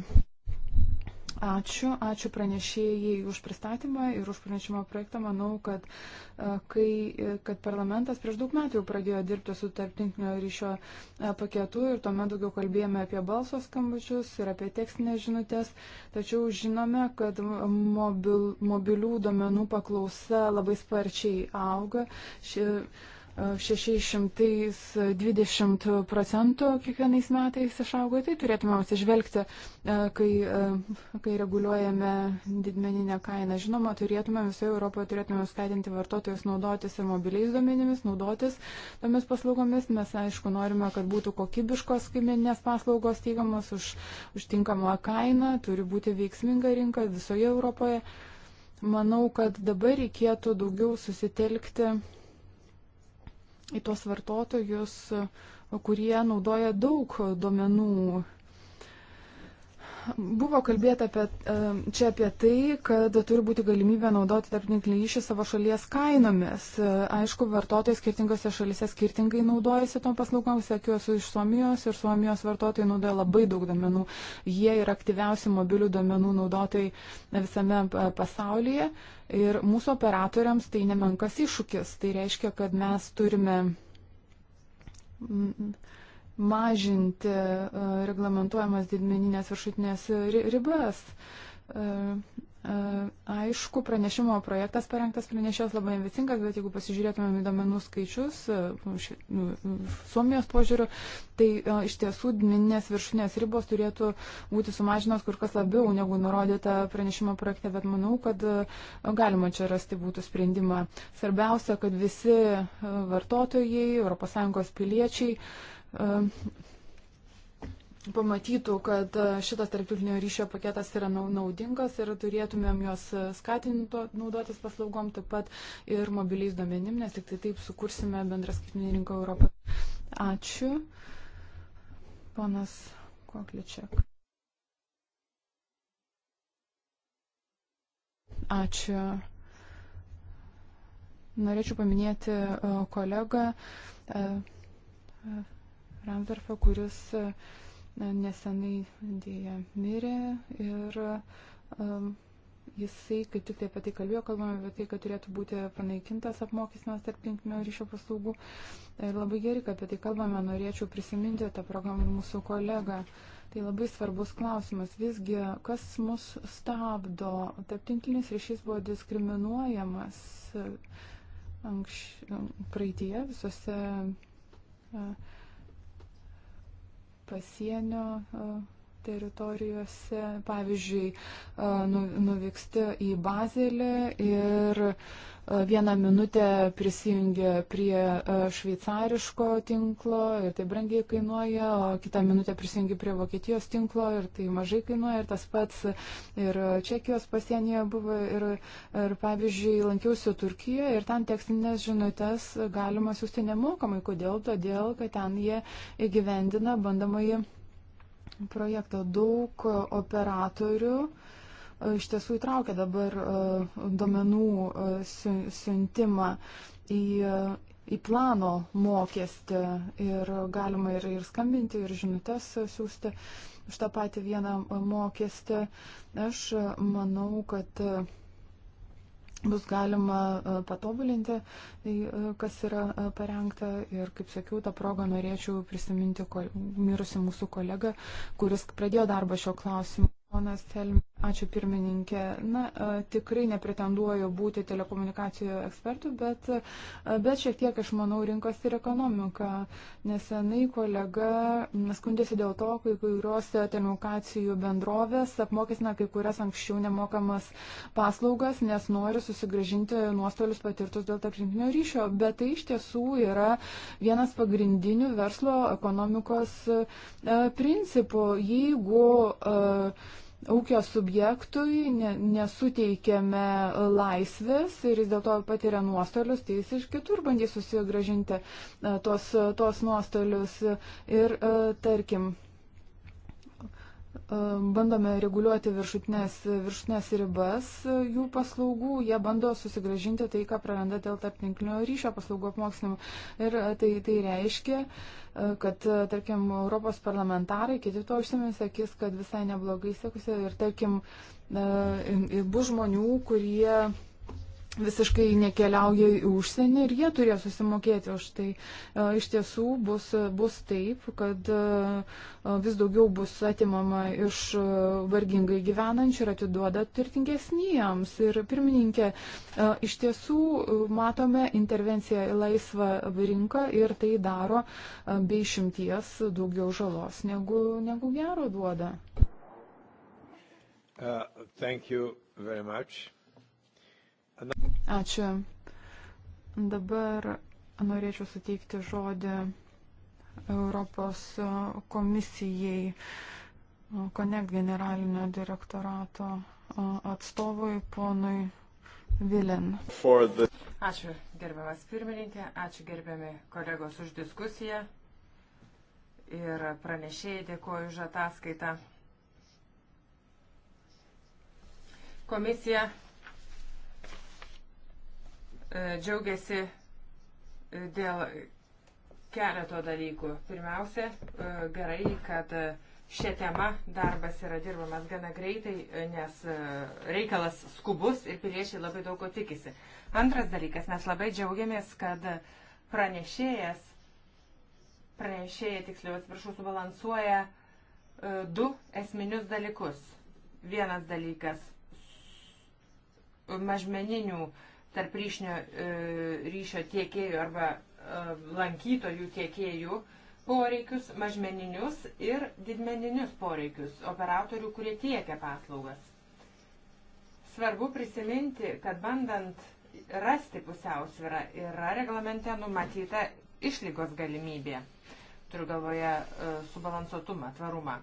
Ačiū, ačiū pranešėjai už pristatymą ir už pranešimo projektą. Manau, kad, e, kai, e, kad parlamentas prieš daug metų jau pradėjo dirbti su tarptinklinio ryšio e, paketu ir tuomet daugiau kalbėjome apie balso skambučius ir apie tekstinės žinutės. Tačiau žinome, kad mobil, mobilių duomenų paklausa labai sparčiai auga. Ši, 620 procentų kiekvienais metais išaugo, tai turėtume atsižvelgti, e, kai, e, kai reguliuojame didmeninę kainą. Žinoma, turėtume visoje Europoje turėtume skatinti vartotojus naudotis ir mobiliais duomenimis, naudotis tomis paslaugomis. Mes, aišku, norime, kad būtų kokybiškos kaiminės paslaugos teigiamos už, už tinkamą kainą, turi būti veiksminga rinka visoje Europoje. Manau, kad dabar reikėtų daugiau susitelkti į tuos vartotojus, kurie naudoja daug duomenų Buvo kalbėta apie, e, čia apie tai, kad turi būti galimybė naudoti tarptinklinį ryšį savo šalies kainomis. E, aišku, vartotojai skirtingose šalise skirtingai naudojasi tom paslaugom. Sakiau, esu iš Suomijos ir Suomijos vartotojai naudoja labai daug domenų. Jie yra aktyviausi mobilių domenų naudotojai visame e, pasaulyje. Ir mūsų operatoriams tai nemenkas iššūkis. Tai reiškia, kad mes turime. Mm, mažinti e, reglamentuojamas didmeninės viršutinės ribas. E, e, aišku, pranešimo projektas parengtas pranešėjos labai ambicingas, bet jeigu pasižiūrėtumėm į domenų skaičius, nu, Suomijos požiūriu, tai iš tiesų dmininės viršinės ribos turėtų būti sumažinos kur kas labiau negu nurodyta pranešimo projekte, bet manau, kad galima čia rasti būtų sprendimą. Svarbiausia, kad visi vartotojai, ES piliečiai, pamatytų, kad e, šitas tarptautinio ryšio paketas yra naudingas ir turėtumėm juos e, skatinti naudotis paslaugom, taip pat ir mobiliais duomenim, nes tik tai taip sukursime bendrą skaitinį rinką Europą. Ačiū. Ponas Kokličiak. Ačiū. Norėčiau paminėti e, kolegą. Uh, uh, Ramverfą, kuris e, nesenai dėja mirė ir um, jisai kaip tik tai apie tai kalbėjo, kalbame apie tai, kad turėtų būti panaikintas apmokestinimas tarp tinklinio ryšio paslaugų. Ir e, labai gerai, kad apie tai kalbame, norėčiau prisiminti tą programą ir mūsų kolegą. Tai labai svarbus klausimas. Visgi, kas mus stabdo? Tarptinklinis ryšys buvo diskriminuojamas e, anksčiau, praeitie visose. Uh, pasienio teritorijose, pavyzdžiui, nu, nuvyksti į Bazelį ir vieną minutę prisijungia prie e, šveicariško tinklo ir tai brangiai kainuoja, o kitą minutę prisijungia prie Vokietijos tinklo ir tai mažai kainuoja. Ir tas pats ir Čekijos pasienyje buvo. Ir, ir pavyzdžiui, lankiausi Turkijoje ir ten tekstinės žinutės galima siūsti nemokamai. Kodėl? Todėl, kad ten jie įgyvendina bandomąjį projektą. Daug operatorių uh, iš tiesų įtraukia dabar e, domenų e, siuntimą į, į plano mokestį ir galima ir, ir skambinti, ir žinutes siūsti už tą patį vieną mokestį. Aš manau, kad bus galima e, patobulinti, kas yra parengta. Ir, kaip sakiau, tą progą norėčiau prisiminti mirusi mūsų kolegą, kuris pradėjo darbą šio klausimu, ponas Helmi. Ačiū pirmininkė. Na, e, tikrai nepretenduoju būti telekomunikacijų ekspertų, bet, e, bet šiek tiek aš manau rinkos ir ekonomika. Nesenai kolega skundėsi dėl to, kai kurios telekomunikacijų bendrovės apmokestina kai kurias anksčiau nemokamas paslaugas, nes nori susigražinti nuostolius patirtus dėl tarptinklinio ryšio. Bet tai iš tiesų yra vienas pagrindinių verslo ekonomikos e, principų. Jeigu uh, ūkio subjektui ne, nesuteikėme laisvės ir jis dėl to patiria nuostolius, tai jis iš kitur bandys susigražinti e, tos, tos nuostolius. Ir e, tarkim, E, bandome reguliuoti viršutinės, viršutinės ribas e, jų paslaugų, jie bando susigražinti tai, ką praranda dėl tarptinklinio ryšio paslaugų apmokslinimu. Ir e, tai, tai reiškia, kad, tarkim, Europos parlamentarai, kiti to užsiminė, sakys, kad visai neblogai sekusi ir, tarkim, bus žmonių, kurie visiškai nekeliauja į užsienį ir jie turės susimokėti už tai. E, iš tiesų bus, bus taip, kad e, vis daugiau bus atimama iš e, vargingai gyvenančių ir atiduoda turtingesniems. Ir pirmininkė, iš tiesų matome intervenciją į laisvą rinką ir tai daro be išimties daugiau žalos negu, negu gero duoda. Uh, thank you very much. Ačiū. Dabar norėčiau suteikti žodį Europos komisijai Connect generalinio direktorato atstovui ponui Vilin. The... Ačiū gerbiamas pirmininkė, ačiū gerbiami kolegos už diskusiją ir pranešėjai dėkoju už ataskaitą. Komisija E, džiaugiasi e, dėl keleto dalykų. Pirmiausia, e, gerai, kad šią temą darbas yra dirbamas gana greitai, nes reikalas skubus ir piliečiai labai daug ko tikisi. Antras dalykas, mes labai džiaugiamės, kad pranešėjas, pranešėja tiksliau atsiprašau, subalansuoja du esminius dalykus. Vienas dalykas mažmeninių uh, tarp ryšnio, e, ryšio tiekėjų arba e, lankytojų tiekėjų poreikius, mažmeninius ir didmeninius poreikius operatorių, kurie tiekia paslaugas. Svarbu prisiminti, kad bandant rasti pusiausvyrą yra reglamente numatyta išlygos galimybė. Turiu galvoje e, subalansuotumą, tvarumą.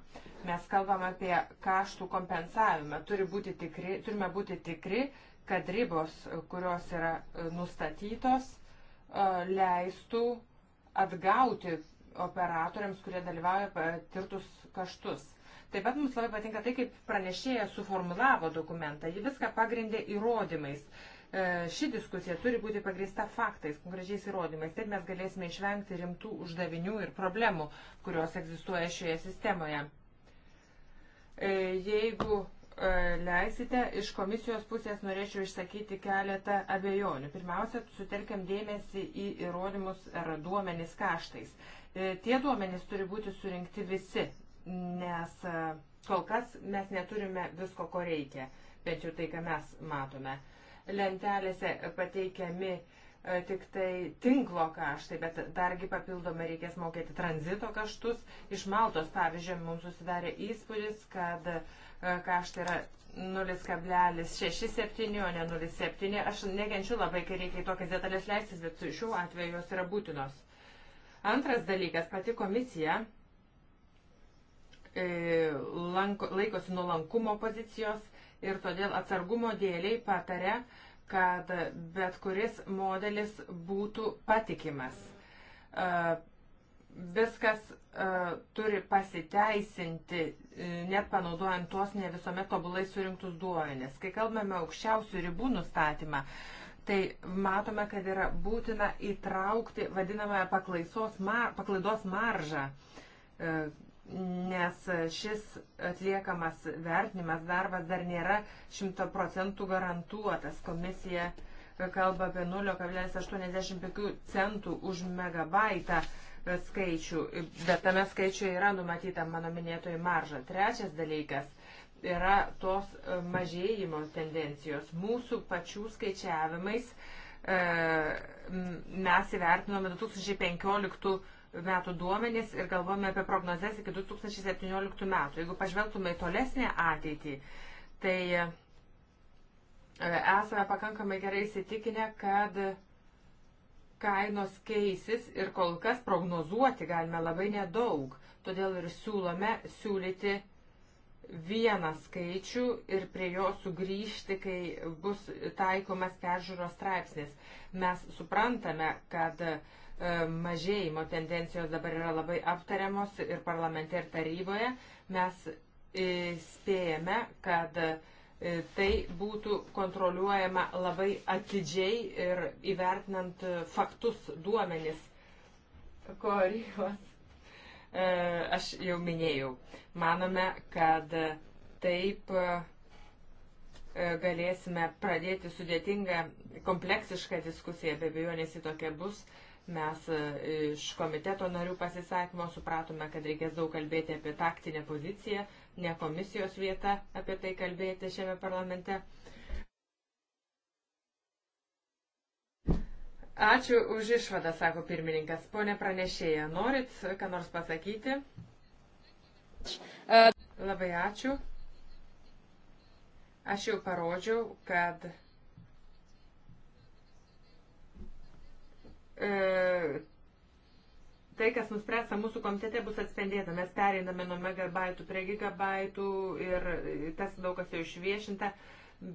Mes kalbam apie kaštų kompensavimą. Turi būti tikri, turime būti tikri, kad ribos, kurios yra e, nustatytos, e, leistų atgauti operatoriams, kurie dalyvauja patirtus kaštus. Taip pat mums labai patinka tai, kaip pranešėja suformulavo dokumentą. Ji viską pagrindė įrodymais. E, ši diskusija turi būti pagrįsta faktais, konkrečiais įrodymais. Taip mes galėsime išvengti rimtų uždavinių ir problemų, kurios egzistuoja šioje sistemoje. Jeigu E, leisite, iš komisijos pusės norėčiau išsakyti keletą abejonių. Pirmiausia, sutelkiam dėmesį į įrodymus ar duomenys kaštais. E, tie duomenys turi būti surinkti visi, nes e, kol kas mes neturime visko, ko reikia, bent jau tai, ką mes matome. Lentelėse pateikiami uh, E, tik tai tinklo kaštai, bet dargi papildomai reikės mokėti tranzito kaštus. Iš Maltos, pavyzdžiui, mums susidarė įspūdis, kad e, kaštai yra 0,67, o ne 0,7. Aš nekenčiu labai, kai reikia į tokias detalės leistis, bet šiuo atveju jos yra būtinos. Antras dalykas, pati komisija e, lanko, laikosi nuolankumo pozicijos ir todėl atsargumo dėliai patarė, kad bet kuris modelis būtų patikimas. E, viskas e, turi pasiteisinti, e, net panaudojant tuos ne visuomet tobulai surinktus duomenis. Kai kalbame aukščiausių ribų nustatymą, tai matome, kad yra būtina įtraukti vadinamąją paklaidos maržą nes šis atliekamas vertinimas darbas dar nėra šimto procentų garantuotas. Komisija kalba apie 0,85 centų už megabaitą skaičių, bet tame skaičiuje yra numatyta mano minėtoji marža. Trečias dalykas yra tos mažėjimo tendencijos. Mūsų pačių skaičiavimais e, mes įvertinome 2015 metų duomenys ir galvojame apie prognozes iki 2017 metų. Jeigu pažvelgtume į tolesnę ateitį, tai e, esame pakankamai gerai įsitikinę, kad kainos keisis ir kol kas prognozuoti galime labai nedaug. Todėl ir siūlome siūlyti vieną skaičių ir prie jo sugrįžti, kai bus taikomas peržiūros straipsnis. Mes suprantame, kad uh, E, mažėjimo tendencijos dabar yra labai aptariamos ir parlamente, ir taryboje. Mes e, spėjame, kad e, tai būtų kontroliuojama labai atidžiai ir įvertinant faktus duomenis. Korijos. Aš jau minėjau. Manome, kad taip galėsime pradėti sudėtingą, kompleksišką diskusiją, be abejo, nes ji tokia bus, Mes e, iš komiteto narių pasisakymo supratome, kad reikės daug kalbėti apie taktinę poziciją, ne komisijos vieta apie tai kalbėti šiame parlamente. Ačiū už išvadą, sako pirmininkas. Pone pranešėja, norit ką nors pasakyti? E, Labai ačiū. Aš jau parodžiau, kad E, tai, kas nuspręsta mūsų komitete, bus atspendėta. Mes pereiname nuo megabaitų prie gigabaitų ir tas daug kas jau išviešinta,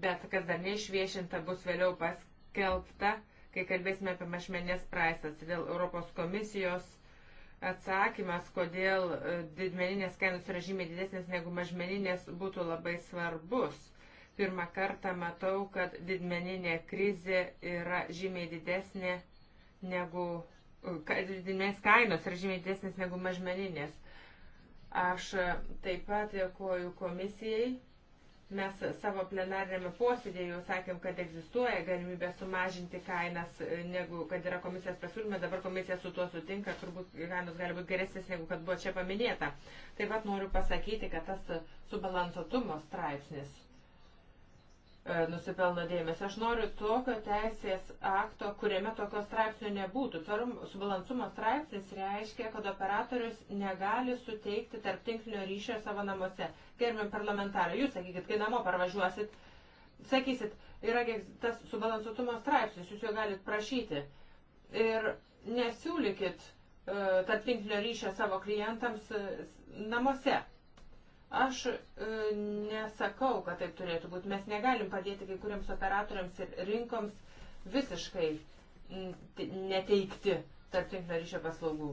bet kas dar neišviešinta, bus vėliau paskelbta, kai kalbėsime apie mažmenės praisas. Dėl Europos komisijos atsakymas, kodėl e, didmeninės kainos yra žymiai didesnės negu mažmeninės, būtų labai svarbus. Pirmą kartą matau, kad didmeninė krizė yra žymiai didesnė negu, nes kainos yra žymiai didesnės negu mažmeninės. Aš taip pat dėkoju komisijai. Mes savo plenarinėme posėdėje jau sakėm, kad egzistuoja galimybė sumažinti kainas, e, negu kad yra komisijos pasiūlyme. Dabar komisija su tuo sutinka, turbūt kainos gali būti geresnės, negu kad buvo čia paminėta. Taip pat noriu pasakyti, kad tas subalansuotumo straipsnis E, nusipelno dėmesio. Aš noriu tokio teisės akto, kuriame tokio straipsnio nebūtų. Tvarum, subalansumo straipsnis reiškia, kad operatorius negali suteikti tarptinklinio ryšio savo namuose. Gerbim parlamentarai, jūs sakykit, kai namo parvažiuosit, sakysit, yra tas subalansuotumo straipsnis, jūs jo galit prašyti. Ir nesiūlykit e, tarptinklinio ryšio savo klientams e, namuose. Aš e, nesakau, kad taip turėtų būti. Mes negalim padėti kai kuriems operatoriams ir rinkoms visiškai neteikti tarp tinklo ryšio paslaugų.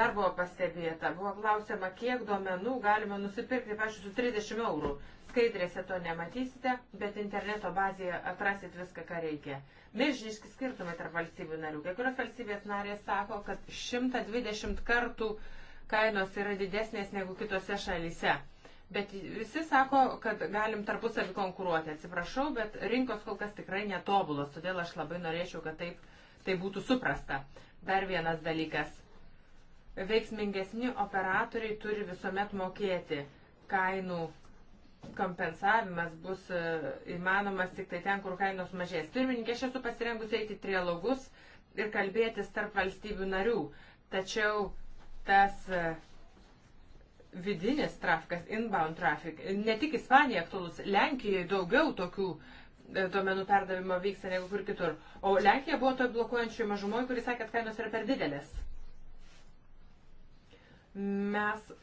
Dar buvo pastebėta, buvo klausima, kiek duomenų galima nusipirkti, pažiūrėjau, su 30 eurų. Skaidrėse to nematysite, bet interneto bazėje atrasit viską, ką reikia. Milžiniški skirtumai tarp valstybių narių. Kai kurios valstybės narės sako, kad 120 kartų uh, kainos yra didesnės negu kitose šalyse. Bet visi sako, kad galim tarpusavį konkuruoti. Atsiprašau, bet rinkos kol kas tikrai netobulos, todėl aš labai norėčiau, kad taip tai būtų suprasta. Dar vienas dalykas. Veiksmingesni operatoriai turi visuomet mokėti kainų kompensavimas bus e, įmanomas tik tai ten, kur kainos mažės. Pirmininkė, aš esu pasirengusi eiti trialogus ir kalbėtis tarp valstybių narių, tačiau tas e, vidinis trafikas, inbound traffic, ne tik Ispanija aktuolus, Lenkijoje daugiau tokių e, duomenų perdavimo vyksta negu kur kitur. O Lenkija buvo toj blokuojančioj mažumoje, kuris sakė, kad kainos yra per didelės. Mes e,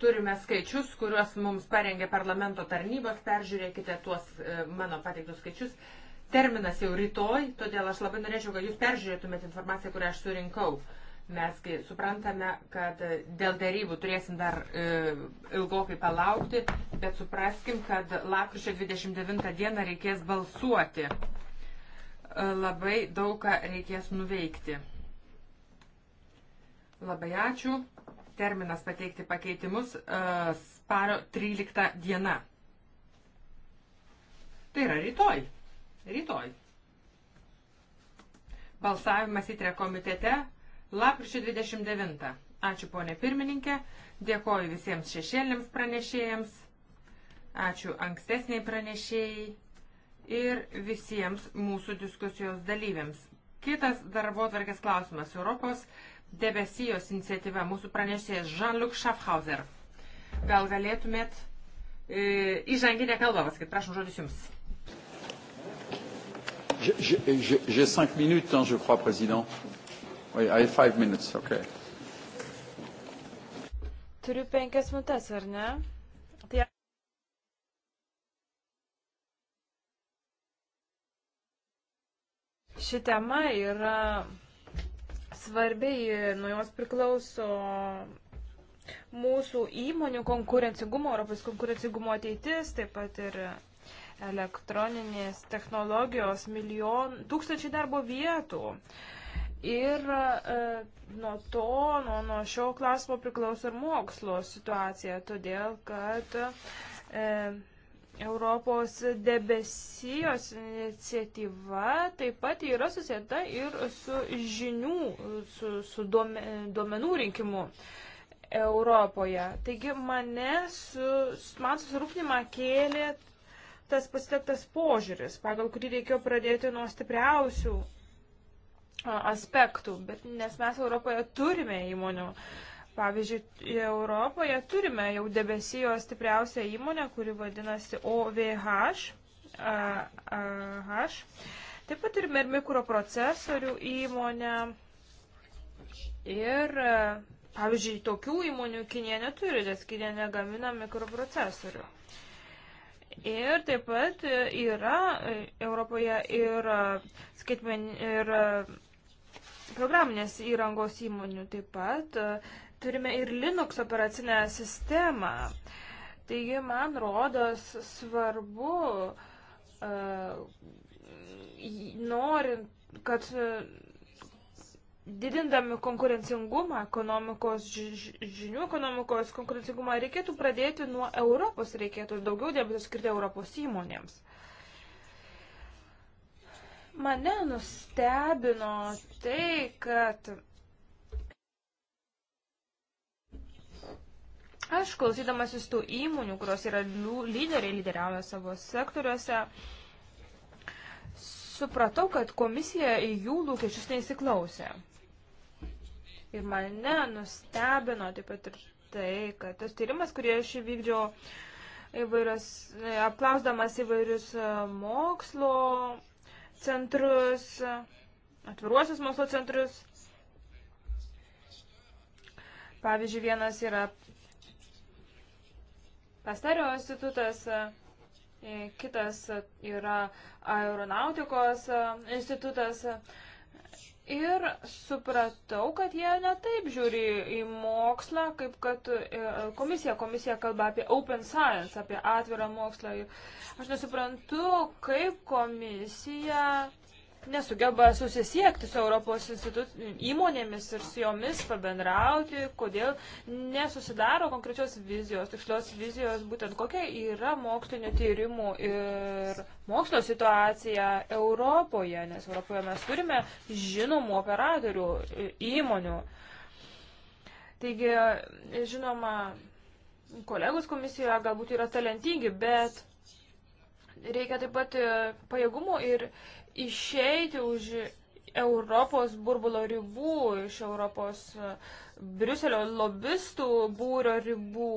turime skaičius, kuriuos mums parengė parlamento tarnybos, peržiūrėkite tuos mano pateiktus skaičius. Terminas jau rytoj, todėl aš labai norėčiau, kad jūs peržiūrėtumėte informaciją, kurią aš surinkau. Mes kai suprantame, kad dėl darybų turėsim dar e, ilgokai palaukti, bet supraskim, kad lakrušio 29 dieną reikės balsuoti. E, labai daugą reikės nuveikti. Labai ačiū. Terminas pateikti pakeitimus e, spalio 13 diena. Tai yra rytoj. Rytoj. Balsavimas įtre komitete Lapkričio 29. Ačiū ponė pirmininkė, dėkoju visiems šešėlėms pranešėjams, ačiū ankstesniai pranešėjai ir visiems mūsų diskusijos dalyviams. Kitas darbo tvarkės klausimas - Europos debesijos iniciatyva, mūsų pranešėjas Jean-Luc Schaffhauser. Gal galėtumėt e, įžanginę kalbą pasakyti, prašom žodis jums. J'ai cinq minutes, hein, je crois, Président. I, I five minutes, okay. Turiu penkias minutės, ar ne? Tai... Ši tema yra svarbiai, nuo jos priklauso mūsų įmonių konkurencingumo, Europos konkurencingumo ateitis, taip pat ir elektroninės technologijos, milijon, tūkstančiai darbo vietų. Uh, Ir e, nuo to, nuo, nuo šio klausimo priklauso ir mokslo situacija, todėl kad e, Europos debesijos iniciatyva taip pat yra susijęta ir su žinių, su, su duome, duomenų rinkimu. Europoje. Taigi mane su, man susirūpinimą kėlė tas pasitektas požiūris, pagal kurį reikėjo pradėti nuo stipriausių aspektų, bet nes mes Europoje turime įmonių. Pavyzdžiui, Europoje turime jau debesijos stipriausią įmonę, kuri vadinasi OVH. A, a, H. Taip pat turime ir mikroprocesorių įmonę. Ir, pavyzdžiui, tokių įmonių Kinė neturi, nes Kinė negamina mikroprocesorių. Ir taip pat yra e, Europoje ir skaitmen ir programinės įrangos įmonių taip pat. Turime ir Linux operacinę sistemą. Taigi, man rodos, svarbu, e, norint, kad didindami konkurencingumą ekonomikos, žinių ekonomikos konkurencingumą, reikėtų pradėti nuo Europos, reikėtų daugiau dėmesio skirti Europos įmonėms. Mane nustebino tai, kad Aš klausydamas jūs tų įmonių, kurios yra lyderiai, lyderiauja savo sektoriuose, supratau, kad komisija į jų lūkesčius neįsiklausė. Ir mane nustebino taip pat ir tai, kad tas tyrimas, kurį aš įvykdžiau įvairios, e, aplausdamas įvairius e, mokslo centrus, atviruosius mokslo centrus. Pavyzdžiui, vienas yra Pasterio institutas, kitas yra aeronautikos institutas ir supratau, kad jie netaip žiūri į mokslą, kaip kad e, komisija, komisija kalba apie open science, apie atvirą mokslą. Aš nesuprantu, kaip komisija nesugeba susisiekti su Europos įmonėmis ir su jomis pabendrauti, kodėl nesusidaro konkrečios vizijos, tikslios vizijos, būtent kokia yra mokslinio tyrimų ir mokslo situacija Europoje, nes Europoje mes turime žinomų operatorių e, įmonių. Taigi, žinoma, kolegos komisijoje galbūt yra talentingi, bet reikia taip pat e, pajėgumų ir išeiti už Europos burbulo ribų, iš Europos e, Briuselio lobistų būrio ribų.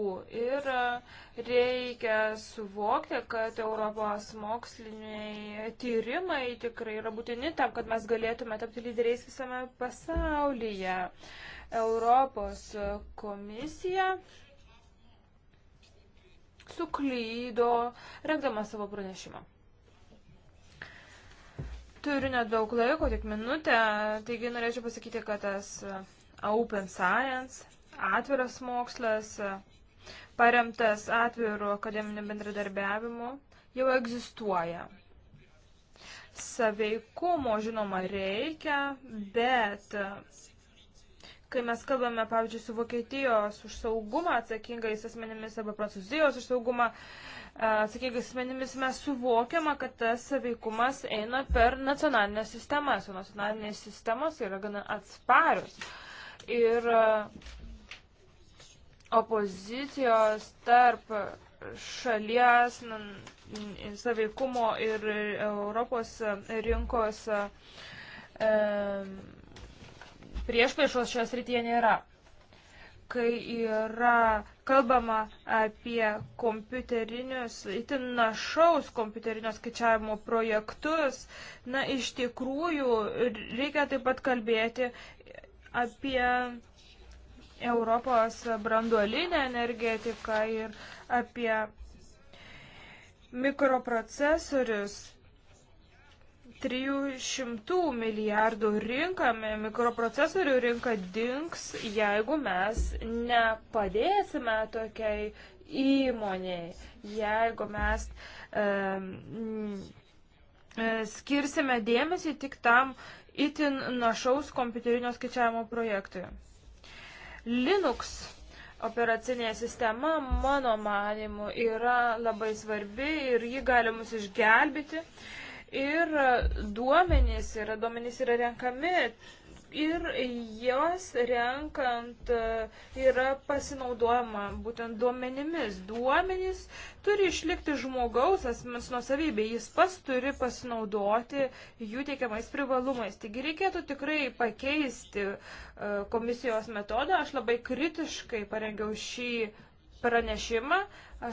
Ir e, reikia suvokti, kad Europos moksliniai tyrimai tikrai yra būtini tam, kad mes galėtume tapti lyderiais visame pasaulyje. Europos komisija suklydo, rengdama savo pranešimą. Turiu nedaug laiko, tik minutę, taigi norėčiau pasakyti, kad tas e, Open Science, atviras mokslas, e, paremtas atviru akademiniu bendradarbiavimu, jau egzistuoja. Saveikumo, žinoma, reikia, bet e, kai mes kalbame, pavyzdžiui, su Vokietijos už saugumą atsakingais asmenimis arba Prancūzijos už saugumą, atsakingais asmenimis mes suvokiama, kad tas veikumas eina per nacionalinę sistemą, o nacionalinės sistemos yra gana atsparios. Ir opozicijos tarp šalies saveikumo ir Europos rinkos e, priešpriešos šios rytyje nėra. Kai yra kalbama apie kompiuterinius, itin našaus kompiuterinio skaičiavimo projektus, na, iš tikrųjų reikia taip pat kalbėti apie Europos branduolinę energetiką ir apie mikroprocesorius 300 milijardų rinka, mikroprocesorių rinka dinks, jeigu mes nepadėsime tokiai įmoniai, jeigu mes um, skirsime dėmesį tik tam itin našaus kompiuterinio skaičiavimo projektui. Linux operacinė sistema, mano manimu, yra labai svarbi ir ji gali mus išgelbėti. Uh, Ir duomenys yra, duomenys yra renkami ir jos renkant e, yra pasinaudojama būtent duomenimis. Duomenys turi išlikti žmogaus asmens nusavybė, jis pas turi pasinaudoti jų teikiamais privalumais. Taigi reikėtų tikrai pakeisti e, komisijos metodą. Aš labai kritiškai parengiau šį pranešimą,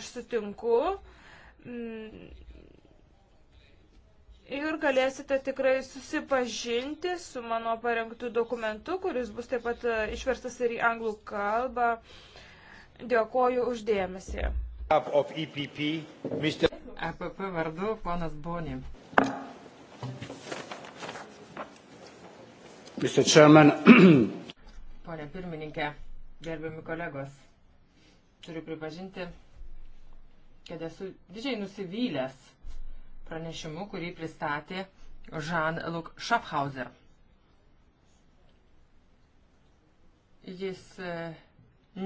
aš sutinku. Mm, ir galėsite tikrai susipažinti su mano parengtu dokumentu, kuris bus taip pat e, išverstas ir į anglų kalbą. Dėkoju uždėmesį. APP e e vardu ponas Boni. Mr. Chairman. <clears throat> Pone pirmininkė, gerbiami kolegos, turiu pripažinti, kad esu didžiai nusivylęs pranešimu, kurį pristatė Jean-Luc Schaffhauser. Jis e,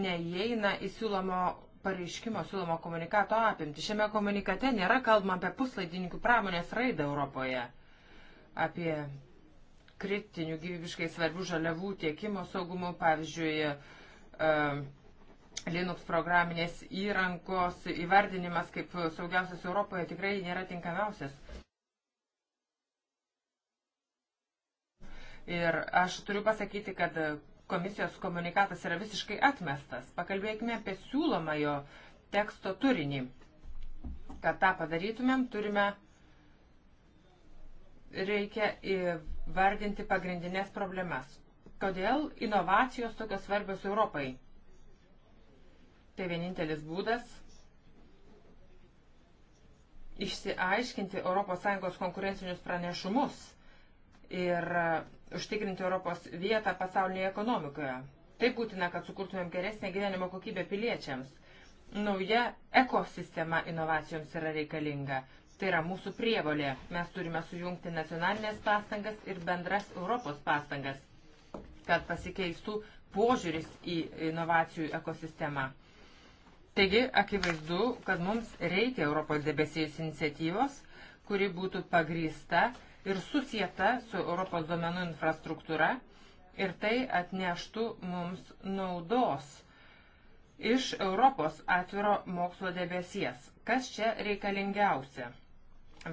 neįeina į siūlomo pareiškimo, siūlomo komunikato apimti. Šiame komunikate nėra kalbama apie puslaidininkų pramonės raidą Europoje, apie kritinių gyvybiškai svarbių žaliavų tiekimo saugumų, pavyzdžiui, uh, Linux programinės įrankos įvardinimas kaip saugiausias Europoje tikrai nėra tinkamiausias. Ir aš turiu pasakyti, kad komisijos komunikatas yra visiškai atmestas. Pakalbėkime apie siūlomajo teksto turinį. Kad tą padarytumėm, turime reikia įvardinti pagrindinės problemas. Kodėl inovacijos tokios svarbios Europai? Tai vienintelis būdas išsiaiškinti ES konkurencinius pranešumus ir e, užtikrinti Europos vietą pasaulinėje ekonomikoje. Taip būtina, kad sukurtumėm geresnę gyvenimo kokybę piliečiams. Nauja ekosistema inovacijoms yra reikalinga. Tai yra mūsų prievolė. Mes turime sujungti nacionalinės pastangas ir bendras Europos pastangas, kad pasikeistų požiūris į inovacijų ekosistemą. Taigi, akivaizdu, kad mums reikia Europos debesijos iniciatyvos, kuri būtų pagrįsta ir susieta su Europos domenų infrastruktūra ir tai atneštų mums naudos iš Europos atviro mokslo debesies. Kas čia reikalingiausia?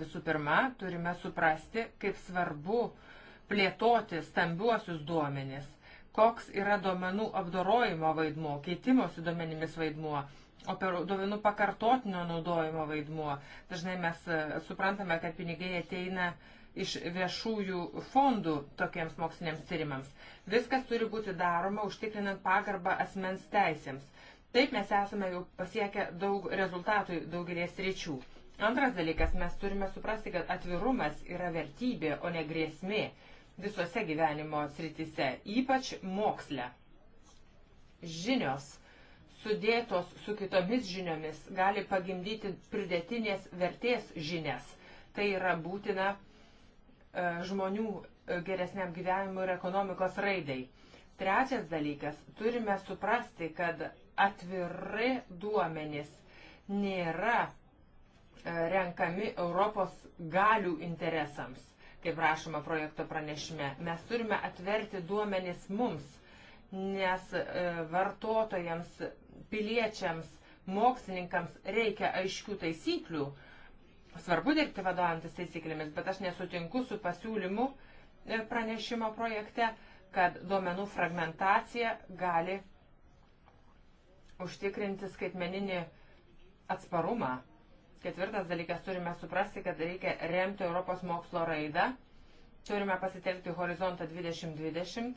Visų pirma, turime suprasti, kaip svarbu plėtoti stambiuosius duomenis, koks yra duomenų apdorojimo vaidmuo, keitimosi duomenimis vaidmuo O per duomenų pakartotinio naudojimo vaidmuo. Dažnai mes e, suprantame, kad pinigai ateina iš viešųjų fondų tokiems moksliniams tyrimams. Viskas turi būti daroma užtikrinant pagarbą asmens teisėms. Taip mes esame jau pasiekę daug rezultatų daugelės ryčių. Antras dalykas, mes turime suprasti, kad atvirumas yra vertybė, o ne grėsmė visose gyvenimo sritise, ypač moksle. Žinios sudėtos su kitomis žiniomis gali pagimdyti pridėtinės vertės žinias. Tai yra būtina e, žmonių e, geresniam gyvenimui ir ekonomikos raidai. Trečias dalykas - turime suprasti, kad atviri duomenys nėra e, renkami Europos galių interesams, kaip rašoma projekto pranešime. Mes turime atverti duomenys mums, nes vartotojams piliečiams, mokslininkams reikia aiškių taisyklių. Svarbu dirbti vadovantis taisyklėmis, bet aš nesutinku su pasiūlymu e, pranešimo projekte, kad duomenų fragmentacija gali užtikrinti skaitmeninį atsparumą. Ketvirtas dalykas, turime suprasti, kad reikia remti Europos mokslo raidą, turime pasitelkti horizontą 2020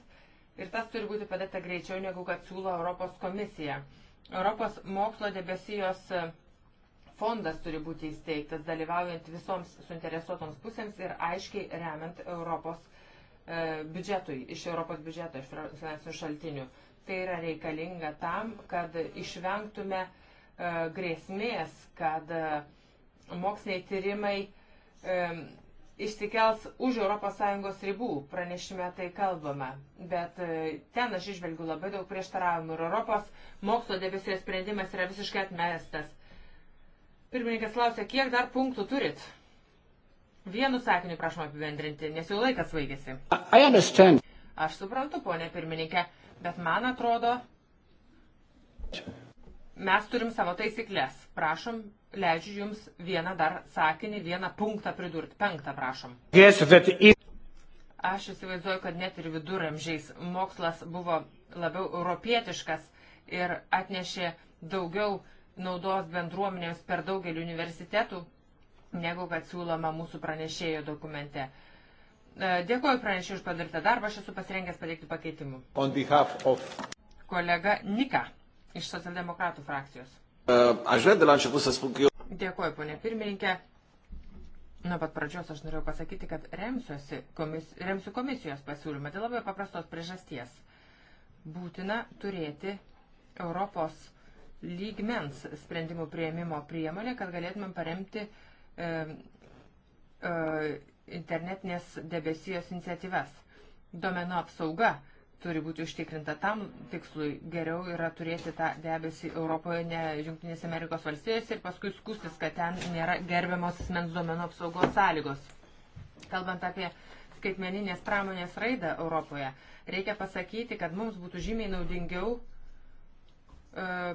ir tas turi būti padaryta greičiau negu kad siūlo Europos komisija. Europos mokslo debesijos e, fondas turi būti įsteigtas, dalyvaujant visoms suinteresuotoms pusėms ir aiškiai remiant Europos e, biudžetui, iš Europos biudžeto, iš finansinių šaltinių. Tai yra reikalinga tam, kad išvengtume e, grėsmės, kad e, moksliniai tyrimai e, išsikels už ES ribų, pranešime tai kalbama, bet e, ten aš išvelgiu labai daug prieštaravimų ir Europos mokslo debesijos sprendimas yra visiškai atmestas. Pirmininkas klausia, kiek dar punktų turit? Vienu sakiniu prašom apibendrinti, nes jau laikas baigėsi. Aš suprantu, ponė pirmininkė, bet man atrodo, mes turim savo taisyklės. Prašom leidžiu Jums vieną dar sakinį, vieną punktą pridurti. Penktą, prašom. Aš įsivaizduoju, kad net ir viduramžiais mokslas buvo labiau europietiškas ir atnešė daugiau naudos bendruomenėms per daugelį universitetų, negu kad siūloma mūsų pranešėjo dokumente. E, dėkuoju pranešėjui už padarytą darbą, aš esu pasirengęs pateikti pakeitimų. Of... Kolega Nika iš socialdemokratų frakcijos. Aš vėl dėl ančių pusės spūkiu. Dėkuoju, ponė pirmininkė. Nuo pat pradžios aš norėjau pasakyti, kad remsiuosi komis, remsiu komisijos pasiūlymą dėl labai paprastos priežasties. Būtina turėti Europos lygmens sprendimų prieimimo priemonę, kad galėtumėm paremti e, e, internetinės debesijos iniciatyvas. Domeno apsauga turi būti užtikrinta tam tikslui. Geriau yra turėti tą debesį Europoje, ne Junktinėse Amerikos valstijose ir paskui skustis, kad ten nėra gerbiamos asmens duomenų apsaugos sąlygos. Kalbant apie skaitmeninės pramonės raidą Europoje, reikia pasakyti, kad mums būtų žymiai naudingiau e,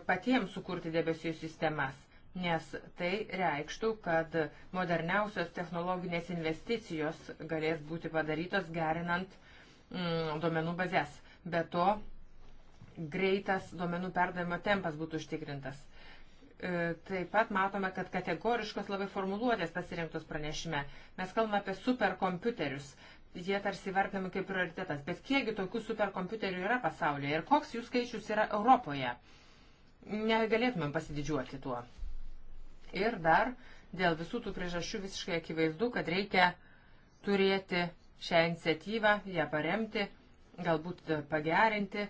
patiems sukurti debesijų sistemas nes tai reikštų, kad moderniausios technologinės investicijos galės būti padarytos gerinant mm, duomenų bazės. Be to, greitas duomenų perdavimo tempas būtų užtikrintas. E, taip pat matome, kad kategoriškos labai formuluotės pasirinktos pranešime. Mes kalbame apie superkompiuterius. Jie tarsi vertinami kaip prioritetas. Bet kiekgi tokių superkompiuterių yra pasaulyje ir koks jų skaičius yra Europoje? Negalėtumėm pasididžiuoti tuo. Ir dar dėl visų tų priežasčių visiškai akivaizdu, kad reikia turėti šią iniciatyvą, ją paremti, galbūt pagerinti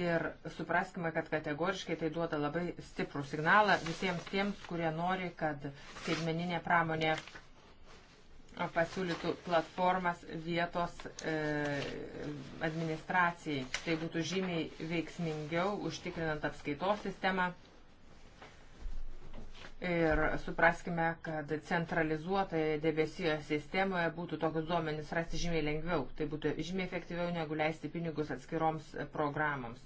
ir supraskime, kad kategoriškai tai duoda labai stiprų signalą visiems tiems, kurie nori, kad skaitmeninė pramonė pasiūlytų platformas vietos e, administracijai. Tai būtų žymiai veiksmingiau užtikrinant apskaitos sistemą Ir supraskime, kad centralizuotoje debesijoje sistemoje būtų tokius duomenis rasti žymiai lengviau. Tai būtų žymiai efektyviau negu leisti pinigus atskiroms programoms.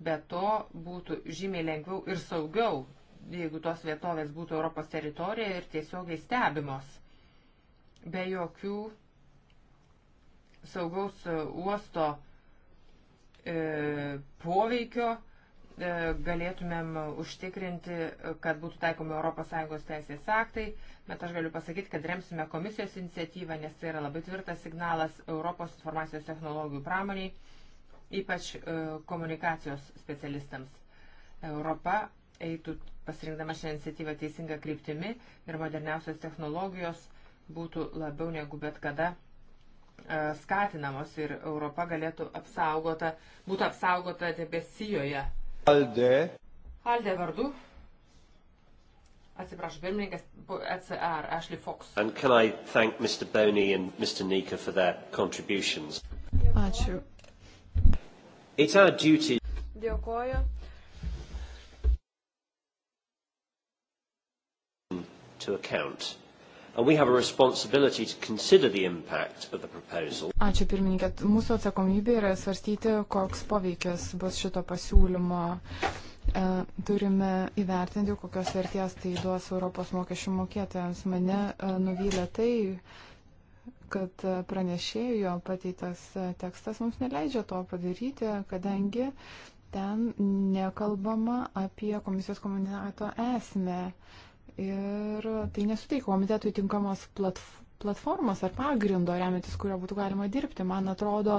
Be to būtų žymiai lengviau ir saugiau, jeigu tos vietovės būtų Europos teritorija ir tiesiogiai stebimos. Be jokių saugaus uosto e, poveikio E, galėtumėm užtikrinti, kad būtų taikomi ES teisės aktai, bet aš galiu pasakyti, kad remsime komisijos iniciatyvą, nes tai yra labai tvirtas signalas Europos informacijos technologijų pramoniai, ypač e, komunikacijos specialistams. Europa eitų pasirinkdama šią iniciatyvą teisinga kryptimi ir moderniausios technologijos būtų labiau negu bet kada e, skatinamos ir Europa galėtų apsaugota, būtų apsaugota debesijoje Alde. Alde vardu. Atsiprašau, pirmininkas ECR, Ashley Fox. And can I thank Mr. Boney and Mr. Nika for their contributions? Ačiū. It's our duty. Dėkoju. To account. Ačiū pirmininkė. Mūsų atsakomybė yra svarstyti, koks poveikis bus šito pasiūlymo. E, turime įvertinti, kokios vertės tai duos Europos mokesčių mokėtojams. Mane e, nuvylė tai, kad pranešėjo pateiktas tekstas mums neleidžia to padaryti, kadangi ten nekalbama apie komisijos komunikato esmę. Uh, ir tai nesuteikia komitetui tinkamos platformos platformos ar pagrindo remiantis, kurio būtų galima dirbti. Man atrodo,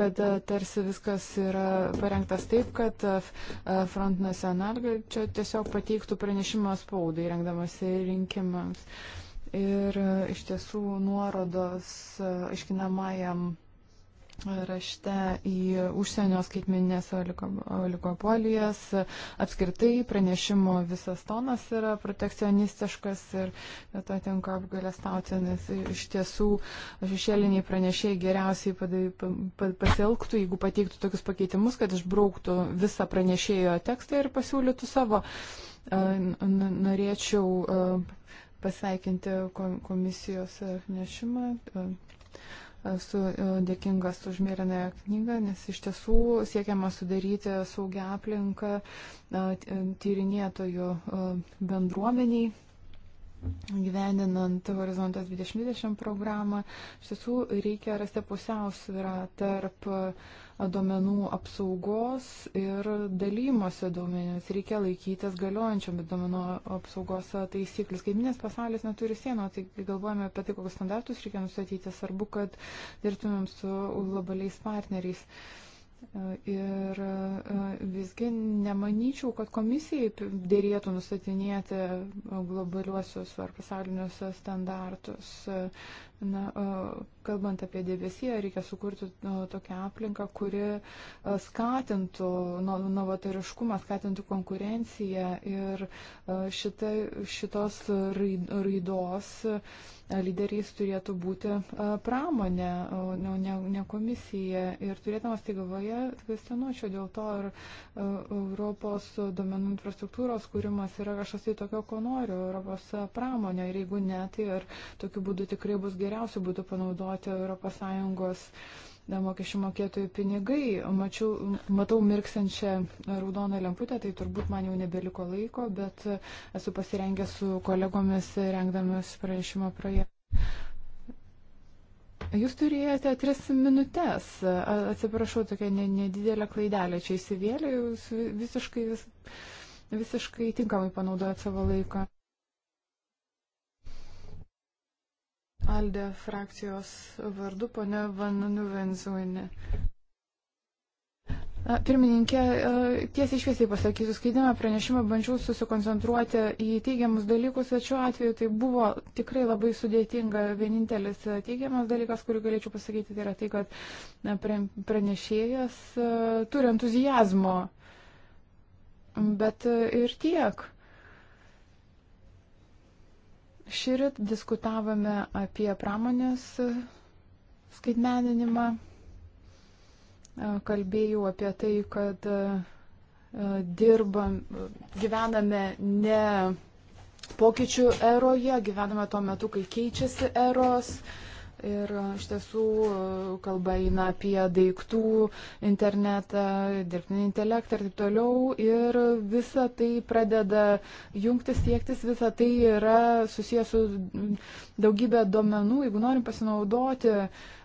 kad e, tarsi viskas yra parengtas taip, kad e, e, Front National čia tiesiog pateiktų pranešimą spaudai, rengdamasi rinkimams. Ir iš tiesų nuorodos aiškinamajam rašte į užsienio skaitminės oligopolijas. Apskritai pranešimo visas tonas yra protekcionistiškas ir dėl to tenka apgalestauti, nes iš tiesų šešėliniai pranešėjai geriausiai padai, pasielgtų, jeigu pateiktų tokius pakeitimus, kad išbrauktų visą pranešėjo tekstą ir pasiūlytų savo. Norėčiau pasveikinti komisijos nešimą esu e, dėkingas už mėrynąją knygą, nes iš tiesų siekiama sudaryti saugią aplinką e, tyrinėtojų e, bendruomeniai gyveninant Horizontas 2020 programą, iš tiesų reikia rasti pusiausvyrą tarp uh, duomenų apsaugos ir dalymosi duomenimis. Reikia laikytis galiojančiam duomenų apsaugos taisyklius. Kaiminės pasaulis neturi sienų, tai galvojame apie tai, kokius standartus reikia nustatyti. Svarbu, kad dirbtumėm su globaliais partneriais. Uh, Ir e, visgi nemanyčiau, kad komisijai dėrėtų nustatinėti e, globaliuosius ar pasaulinius standartus. Na, e, kalbant apie debesiją, reikia sukurti tokią aplinką, kuri skatintų novatariškumą, skatintų konkurenciją ir šita, šitos raidos. Raid, lyderiais turėtų būti pramonė, o ne, ne, ne komisija. Ir turėdamas tai galvoje, kvestionuočiau dėl to, ar Europos domenų infrastruktūros kūrimas yra kažkas tai tokio, ko nori Europos pramonė. Ir jeigu ne, tai ar tokiu būdu tikrai bus geriausia būtų panaudoti ES mokesčių mokėtojų pinigai. Mačiau, matau mirksančią raudoną lemputę, tai turbūt man jau nebeliko laiko, bet esu pasirengęs su kolegomis rengdamas pranešimo projektą. Jūs turėjote tris minutės. Atsiprašau, tokia nedidelė klaidelė čia įsivėlė, jūs visiškai, vis, visiškai tinkamai panaudojat savo laiką. Aldė frakcijos vardu, ponė Vananu Venzuinė. Pirmininkė, e, tiesiai šviesiai pasakysiu, skaitėme pranešimą, bandžiau susikoncentruoti į teigiamus dalykus, tačiau atveju tai buvo tikrai labai sudėtinga. Vienintelis e, teigiamas dalykas, kurį galėčiau pasakyti, tai yra tai, kad pranešėjas e, turi entuzijazmo, bet ir tiek. Šįryt diskutavome apie pramonės skaitmeninimą. Kalbėjau apie tai, kad e, dirbam, gyvename ne pokyčių eroje, gyvename tuo metu, kai keičiasi eros. Uh, Ir e, iš tiesų e, kalba eina apie daiktų internetą, dirbtinį intelektą ir taip toliau. Ir visa tai pradeda jungtis, siektis, visa tai yra susijęs su daugybė duomenų. Jeigu norim pasinaudoti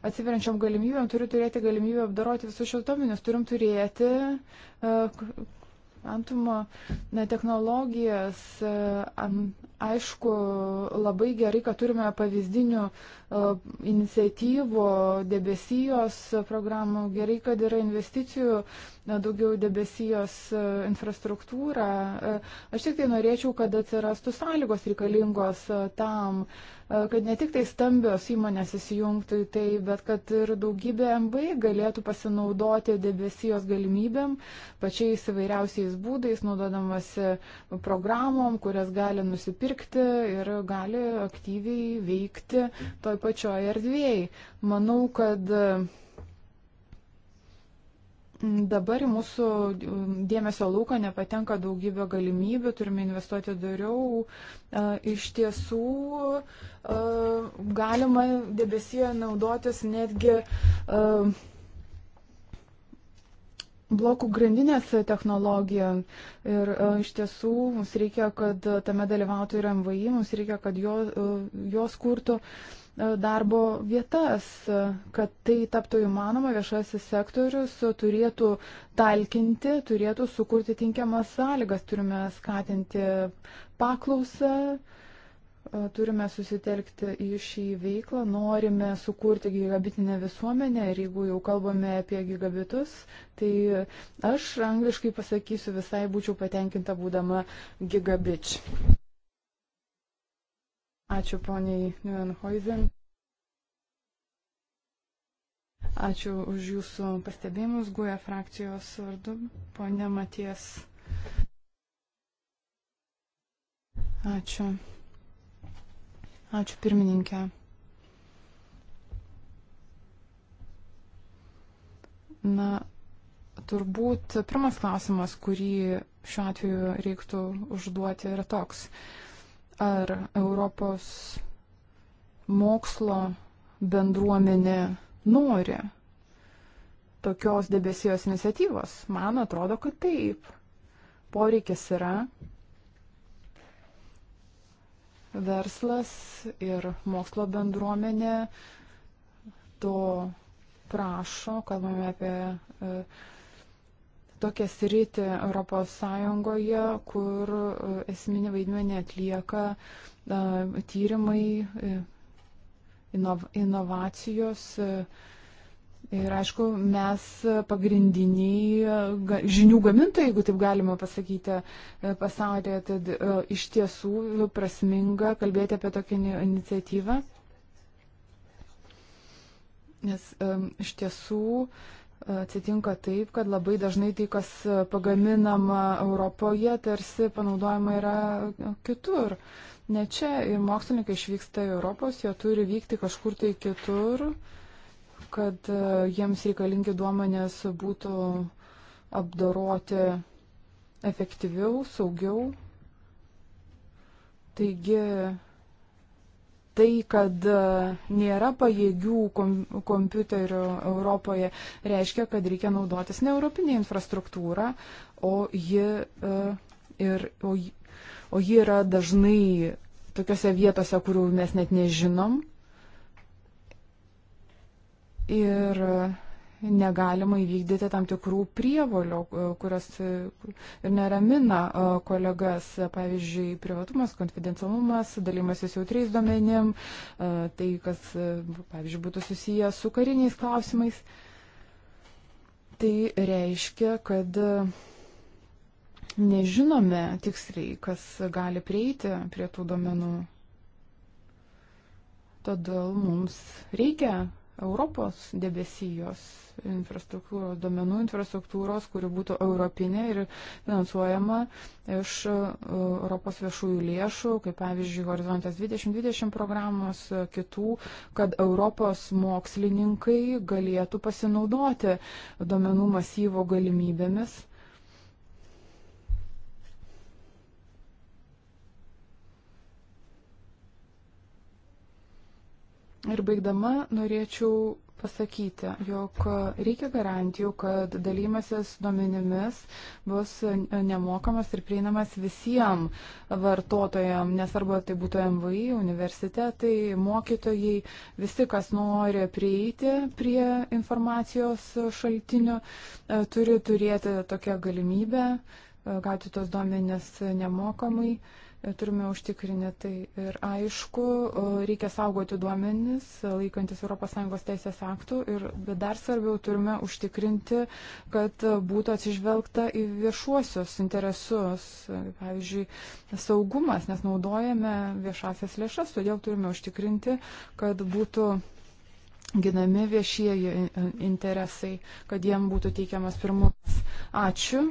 atsiveriančiom galimybėm, turiu turėti galimybę apdaroti visus šios duomenis, turim turėti e, antumo technologijas. Aišku, labai gerai, kad turime pavyzdinių iniciatyvų, debesijos programų. Gerai, kad yra investicijų daugiau debesijos e, infrastruktūrą. E, aš tik tai norėčiau, kad atsirastų sąlygos reikalingos e, tam, kad ne tik tai stambios įmonės įsijungtų į tai, bet kad ir daugybė MBI galėtų pasinaudoti debesijos galimybėm pačiais įvairiausiais būdais, naudodamasi programom, kurias gali nusipirkti ir gali aktyviai veikti toj pačioje erdvėje. Manau, kad mm, Dabar į mūsų mm, dėmesio lauką nepatenka daugybė galimybių, turime investuoti dariau. Iš tiesų galima debesyje naudotis netgi blokų grandinės technologija. Ir iš tiesų mums reikia, kad tame dalyvautų ir MVI, mums reikia, kad jo, jos kurtų. Uh, darbo vietas. Kad tai taptų įmanoma, viešasis sektorius turėtų talkinti, turėtų sukurti tinkiamas sąlygas, turime skatinti paklausą. Turime susitelkti į šį veiklą, norime sukurti gigabitinę visuomenę ir jeigu jau kalbame apie gigabitus, tai aš angliškai pasakysiu visai būčiau patenkinta būdama gigabič. Ačiū poniai Nuenhoizen. Ačiū už jūsų pastebėjimus, guoja e frakcijos vardu, ponė Maties. Ačiū. Ačiū pirmininkė. Na, turbūt pirmas klausimas, kurį šiuo atveju reiktų užduoti, yra toks. Uh, ar Europos mokslo bendruomenė nori tokios debesijos iniciatyvos? Man atrodo, kad taip. Poreikis yra. Verslas ir mokslo bendruomenė to prašo, kalbame apie uh, tokią sritį ES, kur e, esminį vaidmenį atlieka e, tyrimai, e, inovacijos. Ir aišku, mes pagrindiniai žinių gamintojai, jeigu taip galima pasakyti, pasaulyje, tad iš tiesų prasminga kalbėti apie tokią iniciatyvą. Nes iš tiesų atsitinka taip, kad labai dažnai tai, kas pagaminama Europoje, tarsi panaudojama yra kitur. Ne čia ir mokslininkai išvyksta į Europos, jie turi vykti kažkur tai kitur, kad e, jiems reikalingi duomenės būtų apdoroti efektyviau, saugiau. Taigi tai, kad e, nėra pajėgių kom kompiuterių Europoje, reiškia, kad reikia naudotis ne europinė infrastruktūra, o ji, e, ir, o, o ji yra dažnai tokiuose vietose, kurių mes net nežinom. Ir uh, negalima įvykdyti tam tikrų prievolių, e, kurios e, ir neramina e, kolegas, pavyzdžiui, privatumas, konfidencialumas, dalymasis jautriais duomenim, tai, kas, pavyzdžiui, būtų susijęs su kariniais klausimais. Tai reiškia, kad nežinome tiksliai, kas gali prieiti prie tų duomenų. Todėl mums reikia Europos debesijos infrastruktūros, domenų infrastruktūros, kuri būtų europinė ir finansuojama iš e, Europos viešųjų lėšų, kaip pavyzdžiui, Horizontas 2020 programos, e, kitų, kad Europos mokslininkai galėtų pasinaudoti domenų masyvo galimybėmis Ir baigdama norėčiau pasakyti, jog reikia garantijų, kad dalymasis duomenimis bus nemokamas ir prieinamas visiems vartotojams, nesvarbu, tai būtų MVI, universitetai, mokytojai, visi, kas nori prieiti prie informacijos šaltinių, e, turi turėti tokią galimybę e, gauti tos duomenis nemokamai. Mhm turime užtikrinę. Tai ir aišku, reikia saugoti duomenis, laikantis ES teisės aktų, ir, bet dar svarbiau turime užtikrinti, kad būtų atsižvelgta į viešuosius interesus, pavyzdžiui, saugumas, nes naudojame viešasias lėšas, todėl turime užtikrinti, kad būtų ginami viešieji interesai, kad jiem būtų teikiamas pirmumas. Ačiū.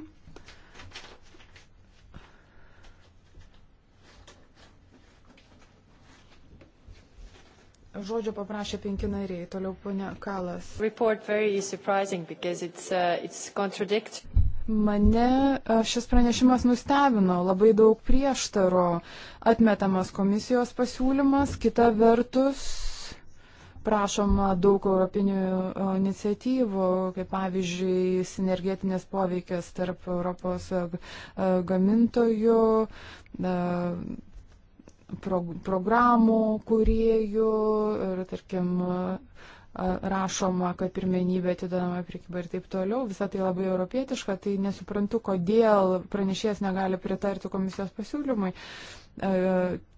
Žodžio paprašė penki nariai, toliau ponia Kalas. It's, uh, it's Mane šis pranešimas nustebino, labai daug prieštaro, atmetamas komisijos pasiūlymas, kita vertus prašoma daug europinių iniciatyvų, kaip pavyzdžiui, sinergetinės poveikės tarp Europos gamintojų, pro, programų kuriejų ir, tarkim, rašoma, kad pirmenybė atidedama priekyba ir taip toliau. Visą tai labai europietiška, tai nesuprantu, kodėl pranešėjas negali pritarti komisijos pasiūlymui.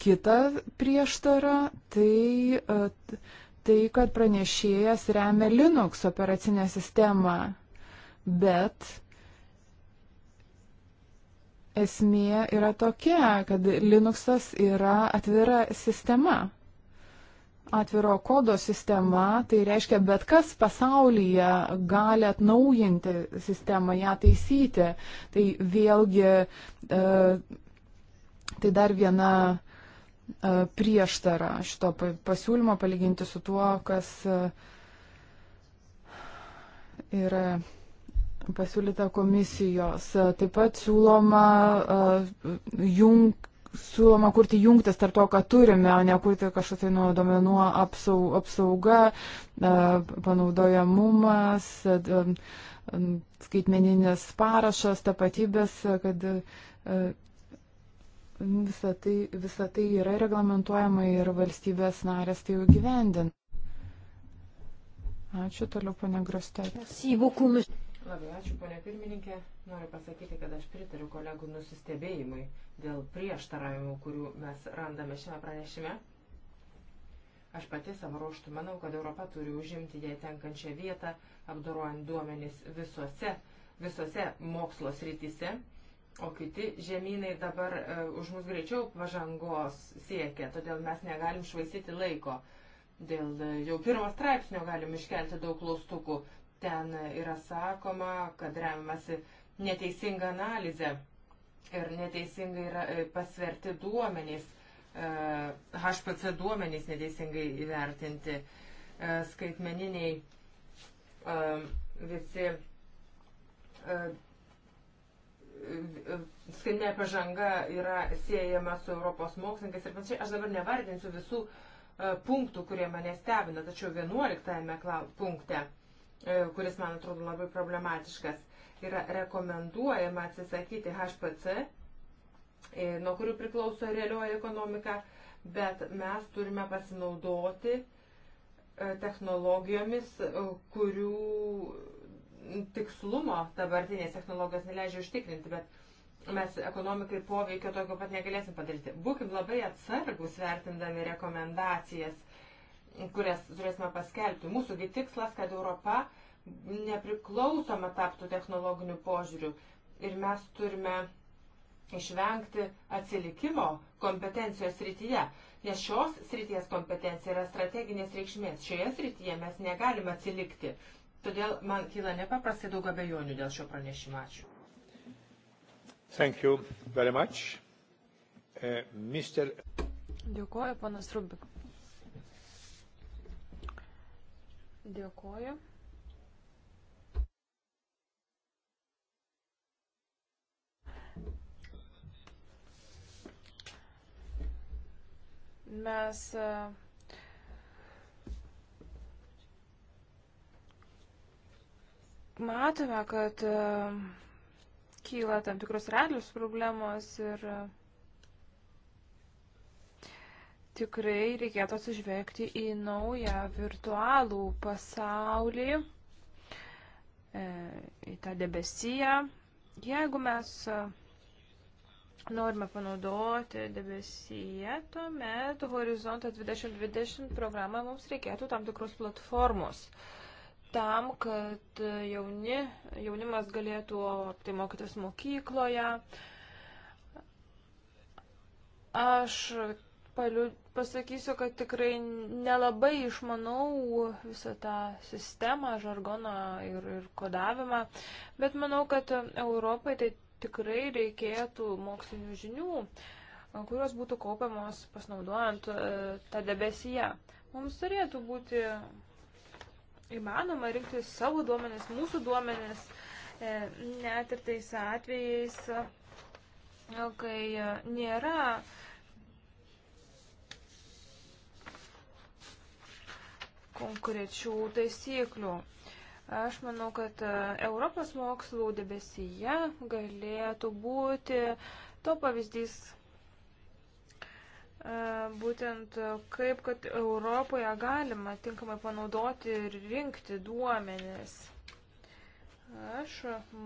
Kita prieštara, tai tai, kad pranešėjas remia Linux operacinę sistemą, bet esmė yra tokia, kad Linuxas yra atvira sistema. Atviro kodo sistema, tai reiškia, bet kas pasaulyje gali atnaujinti sistemą, ją taisyti. Tai vėlgi, e, tai dar viena e, prieštara šito pasiūlymo palyginti su tuo, kas e, yra pasiūlyta komisijos. Taip pat siūloma, e, jung, siūloma kurti jungtis tarp to, ką turime, o ne kurti kažkokią nuo domenų apsaug, apsaugą, e, panaudojamumas, e, skaitmeninis parašas, tapatybės, kad visa tai, visa tai yra reglamentuojama ir valstybės narės tai jau gyvendin. Ačiū toliau, pane Grostet. Merci beaucoup, monsieur. Labai ačiū, ponė pirmininkė. Noriu pasakyti, kad aš pritariu kolegų nusistebėjimui dėl prieštaravimų, kurių mes randame šiame pranešime. Aš pati savo ruoštų manau, kad Europa turi užimti jai tenkančią vietą, apdorojant duomenis visuose, visuose mokslo srityse, o kiti žemynai dabar e, už mus greičiau pažangos siekia, todėl mes negalim švaistyti laiko. Dėl e, jau pirmo straipsnio galim iškelti daug klaustukų, Ten yra sakoma, kad remiamasi neteisinga analizė ir neteisingai yra e, pasverti duomenys, e, HPC duomenys neteisingai įvertinti, e, skaitmeniniai visi skaitinė pažanga yra siejama su Europos mokslininkais ir panašiai. Aš dabar nevardinsiu visų punktų, kurie mane stebina, tačiau 11 punkte E, kuris man atrodo labai problematiškas, yra rekomenduojama atsisakyti HPC, e, nuo kurių priklauso realioji ekonomika, bet mes turime pasinaudoti e, technologijomis, kurių tikslumo dabartinės technologijos neleidžia užtikrinti, bet mes ekonomikai poveikio tokio pat negalėsim padaryti. Būkim labai atsargus vertindami rekomendacijas kurias turėsime paskelbti. Mūsųgi tikslas, kad Europa nepriklausoma taptų technologinių požiūrių ir mes turime išvengti atsilikimo kompetencijos srityje, nes šios srities kompetencija yra strateginės reikšmės. Šioje srityje mes negalime atsilikti. Todėl man kyla nepaprastai daug abejonių dėl šio pranešimo. Ačiū. Thank you very much. Uh, Mr. Mister... Dėkuoju, panas Rubik. Dėkoju. Mes e, matome, kad e, kyla tam tikros realius problemos ir tikrai reikėtų atsižvelgti į naują virtualų pasaulį, e, į tą debesiją. Jeigu mes e, norime panaudoti debesiją, tuomet Horizontas 2020 programą mums reikėtų tam tikros platformos tam, kad jauni, jaunimas galėtų tai mokytis mokykloje. Aš paliu, pasakysiu, kad tikrai nelabai išmanau visą tą sistemą, žargoną ir, ir kodavimą, bet manau, kad Europai tai tikrai reikėtų mokslinių žinių, kurios būtų kaupiamos pasinaudojant e, tą debesiją. Mums turėtų būti įmanoma rinkti savo duomenis, mūsų duomenis, e, net ir tais atvejais, e, kai nėra konkrečių taisyklių. Aš manau, kad e, Europos mokslų debesyje galėtų būti to pavyzdys, e, būtent kaip, kad Europoje galima tinkamai panaudoti ir rinkti duomenis. Aš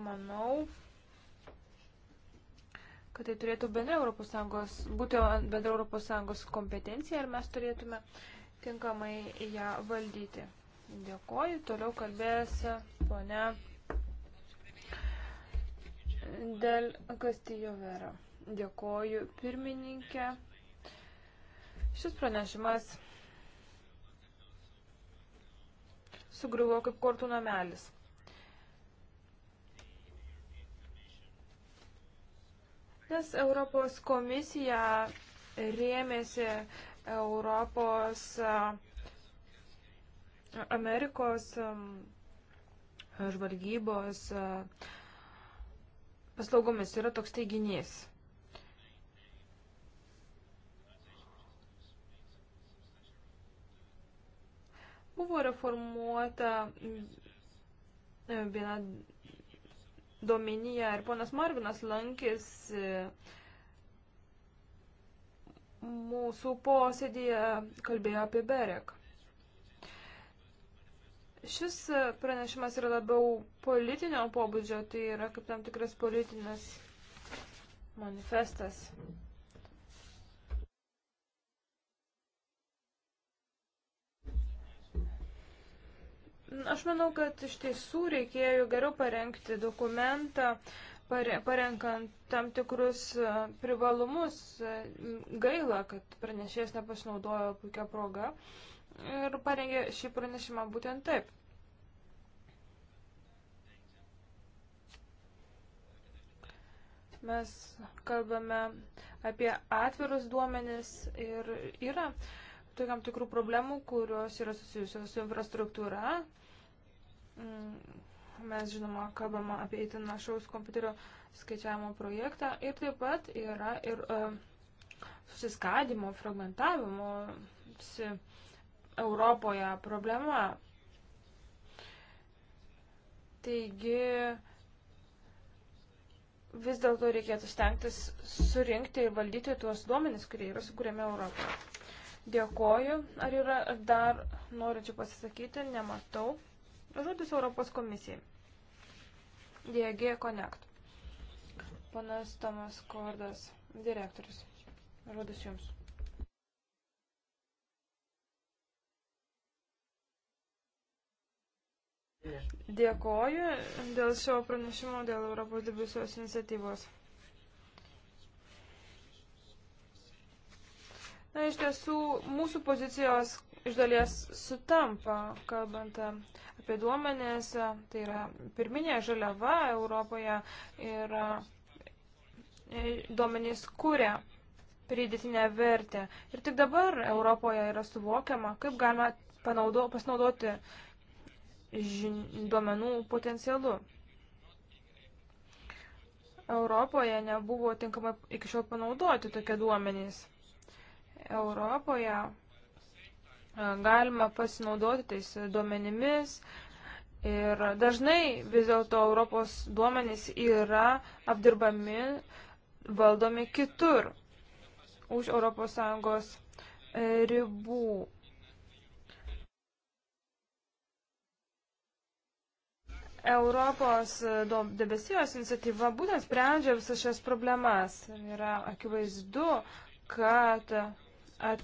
manau, kad tai turėtų bendra Europos Sąjungos, būti bendra Europos Sąjungos kompetencija ir mes turėtume uh, tinkamai ją valdyti. Dėkoju, toliau kalbės ponia Del Castillo Vera. Dėkoju pirmininkė. Šis pranešimas sugriuvo kaip kortų namelis. Nes Europos komisija rėmėsi uh, Europos, Amerikos žvalgybos paslaugomis yra toks teiginys. Buvo reformuota viena dominija ir ponas Marvinas lankėsi mūsų posėdėje kalbėjo apie Berek. Šis pranešimas yra labiau politinio pobūdžio, tai yra kaip tam tikras politinis manifestas. Aš manau, kad iš tiesų reikėjo geriau parengti dokumentą, uh, parenkant tam tikrus e, privalumus. E, gaila, kad pranešėjas nepasinaudojo puikia proga ir parengė šį pranešimą būtent taip. Mes kalbame apie atvirus duomenis ir yra tokiam tikrų problemų, kurios yra susijusios su infrastruktūra, mm, mes žinoma kalbama apie itin našaus kompiuterio skaičiavimo projektą ir taip pat yra ir e, susiskadimo, fragmentavimo si, Europoje problema. Taigi vis dėlto reikėtų stengtis surinkti ir valdyti tuos duomenis, kurie yra sukūrėme Europoje. Dėkoju. Ar yra dar norinčių pasisakyti? Nematau. Žodis Europos komisijai. DG Connect. Panas Tomas Kordas, direktorius. Žodis jums. Dėkoju dėl šio pranešimo dėl Europos debesos iniciatyvos. Na, iš tiesų, mūsų pozicijos iš dalies sutampa, kalbant apie duomenės, tai yra pirminė žaliava Europoje ir e, duomenys kūrė pridėtinę vertę. Ir tik dabar Europoje yra suvokiama, kaip galima panaudo, pasinaudoti žin, duomenų potencialu. Europoje nebuvo tinkamai iki šiol panaudoti tokie duomenys. Europoje galima pasinaudoti tais duomenimis. Ir dažnai vis dėlto Europos duomenys yra apdirbami, valdomi kitur už ES ribų. Europos debesijos iniciatyva būtent sprendžia visas šias problemas. Yra akivaizdu, kad at,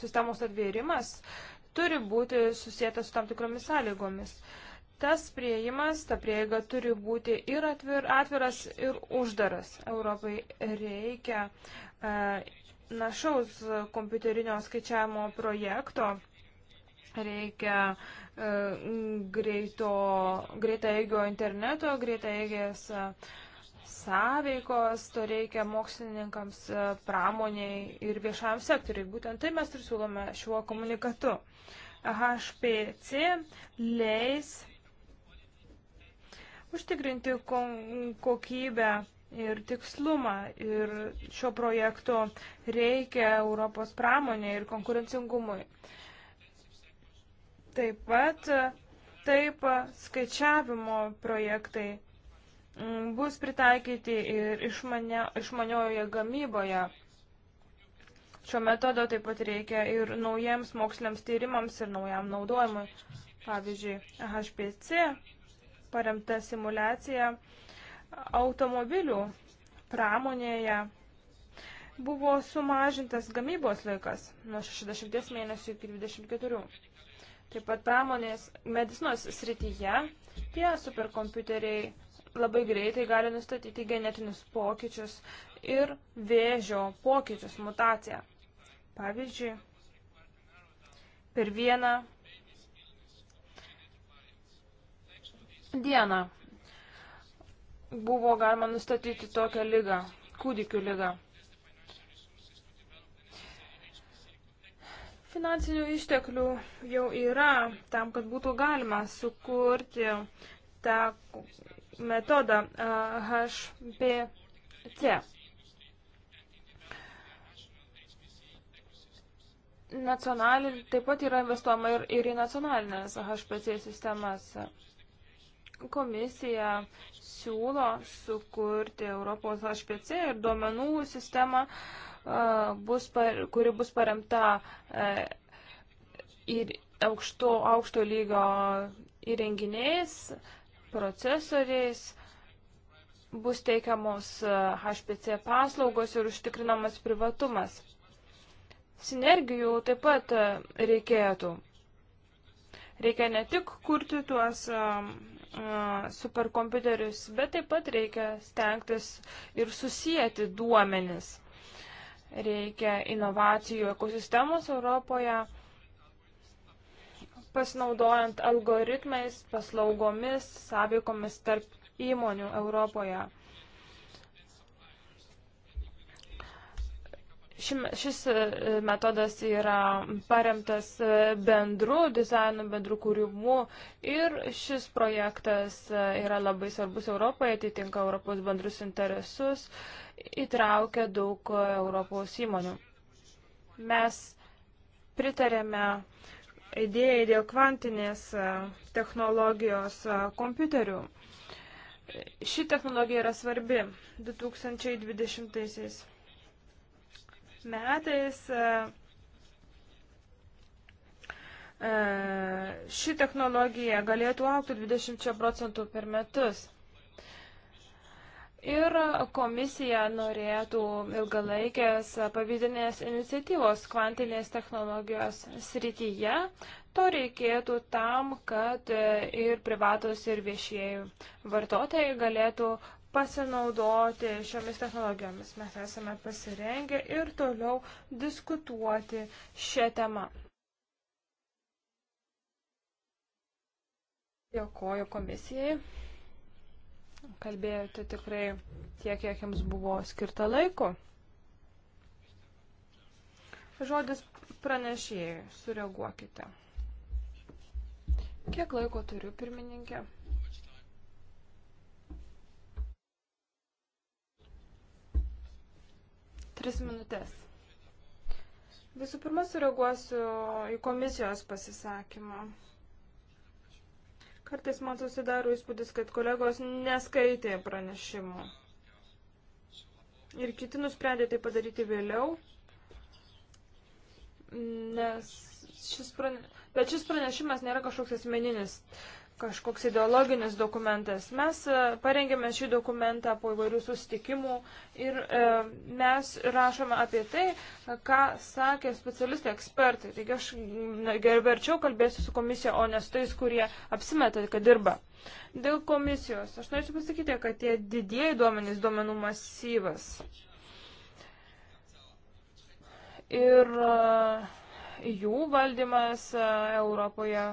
sistemos atvėrimas turi būti susijęta su tam tikromis sąlygomis. Tas prieimas, ta prieiga turi būti ir atvir, atviras, ir uždaras. Europai reikia e, našaus kompiuterinio skaičiavimo projekto, reikia e, greito, greitaeigio interneto, greitaeigės. E, sąveikos, to reikia mokslininkams, e, pramoniai ir viešam sektoriai. Būtent tai mes ir siūlome šiuo komunikatu. HPC leis užtikrinti kokybę ir tikslumą. Ir šio projekto reikia Europos pramonė ir konkurencingumui. Taip pat taip skaičiavimo projektai Mm, bus pritaikyti ir išmane, išmaniojoje gamyboje. Šio metodo taip pat reikia ir naujiems moksliniams tyrimams ir naujam naudojimui. Pavyzdžiui, HPC paremta simulacija automobilių pramonėje buvo sumažintas gamybos laikas nuo 60 mėnesių iki 24. Taip pat pramonės medicinos srityje tie superkompiuteriai labai greitai gali nustatyti genetinius pokyčius ir vėžio pokyčius, mutaciją. Pavyzdžiui, per vieną dieną buvo galima nustatyti tokią lygą, kūdikių lygą. Finansinių išteklių jau yra tam, kad būtų galima sukurti tą metodą HPC. Nacionalin, taip pat yra investuojama ir, ir į nacionalinės HPC sistemas. Komisija siūlo sukurti Europos HPC ir duomenų sistemą, bus, kuri bus paremta e, ir aukšto, aukšto lygio įrenginiais, procesoriais, bus teikiamos e, HPC paslaugos ir užtikrinamas privatumas. Sinergijų taip pat e, reikėtų. Reikia ne tik kurti tuos e, superkompiuterius, bet taip pat reikia stengtis ir susijęti duomenis. Reikia inovacijų ekosistemos Europoje pasinaudojant algoritmais, paslaugomis, sąveikomis tarp įmonių Europoje. Šis e, metodas yra paremtas e, bendru dizainu, bendru kūrimu ir šis projektas e, yra labai svarbus Europoje, atitinka Europos bendrus interesus, įtraukia daug Europos įmonių. Mes pritarėme uh, idėjai dėl kvantinės e, technologijos e, kompiuterių. Ši technologija yra svarbi 2020 metais. E, ši technologija galėtų aukti 20 procentų per metus. Ir komisija norėtų ilgalaikės pavyzdinės iniciatyvos kvantinės technologijos srityje. To reikėtų tam, kad ir privatus, ir viešieji vartotojai galėtų pasinaudoti šiomis technologijomis. Mes esame pasirengę ir toliau diskutuoti šią temą. Dėkoju komisijai. Kalbėjote tikrai tiek, kiek jums buvo skirta laiko. Žodis pranešėjai, sureaguokite. Kiek laiko turiu, pirmininkė? Tris minutės. Visų pirma, sureaguosiu į komisijos pasisakymą. Kartais man susidaro įspūdis, kad kolegos neskaitė pranešimų. Ir kiti nusprendė tai padaryti vėliau, nes šis pranešimas, bet šis pranešimas nėra kažkoks asmeninis. Uh, kažkoks ideologinis dokumentas. Mes e, parengėme šį dokumentą po įvairių sustikimų ir e, mes rašome apie tai, ką sakė specialistai ekspertai. Taigi aš gerberčiau kalbėsiu su komisija, o ne su tais, kurie apsimeta, kad dirba. Dėl komisijos. Aš norėčiau pasakyti, kad tie didieji duomenys duomenų masyvas. Ir e, jų valdymas e, Europoje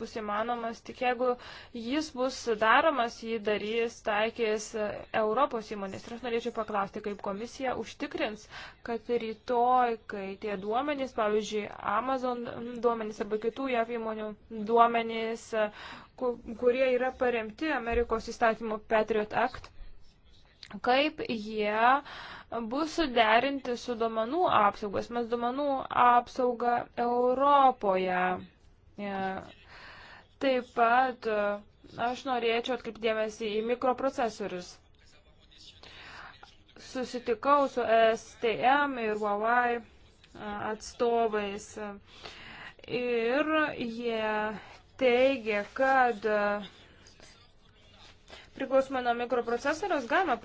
bus įmanomas tik jeigu jis bus daromas, jį darys, taikys Europos įmonės. Ir aš norėčiau paklausti, kaip komisija užtikrins, kad rytoj, kai tie duomenys, pavyzdžiui, Amazon duomenys arba kitų JAV įmonių duomenys, kurie yra paremti Amerikos įstatymo Patriot Act, kaip jie bus suderinti su domenų apsaugos, mes domenų apsaugą Europoje. Yeah. Taip pat e, aš norėčiau atkreipdėmėsi į mikroprocesorius. Susitikau su STM ir Huawei atstovais e, ir jie teigia, kad e, priklausomai nuo mikroprocesoriaus galima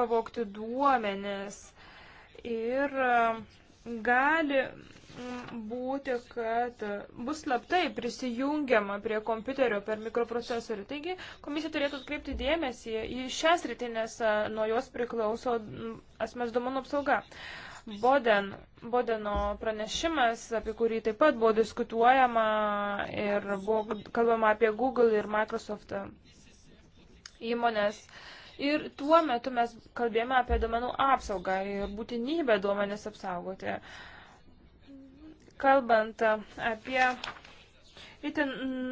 pavokti duomenis ir gali būti, kad bus slaptai prisijungiama prie kompiuterio per mikroprocesorių. Taigi komisija turėtų atkreipti dėmesį į šias rytinės, nuo jos priklauso asmens duomenų apsauga. Boden, Bodeno pranešimas, apie kurį taip pat buvo diskutuojama ir buvo kalbama apie Google ir Microsoft įmonės. Ir tuo metu mes kalbėjome apie duomenų apsaugą ir būtinybę duomenis apsaugoti. Uh, Kalbant apie itin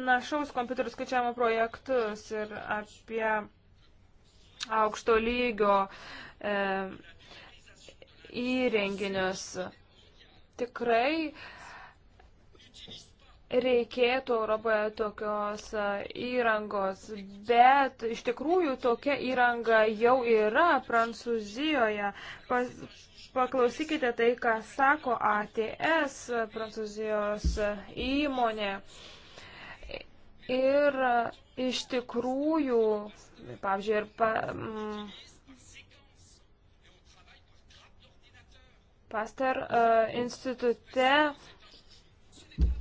našaus kompiuterių skaičiavimo projektus ir apie aukšto lygio e, įrenginius, tikrai reikėtų Europoje tokios e, įrangos, bet iš tikrųjų tokia įranga jau yra Prancūzijoje. Pas, paklausykite tai, ką sako ATS, prancūzijos įmonė. Ir iš tikrųjų, pavyzdžiui, ir pa, m, mm, Pastar uh, e, institute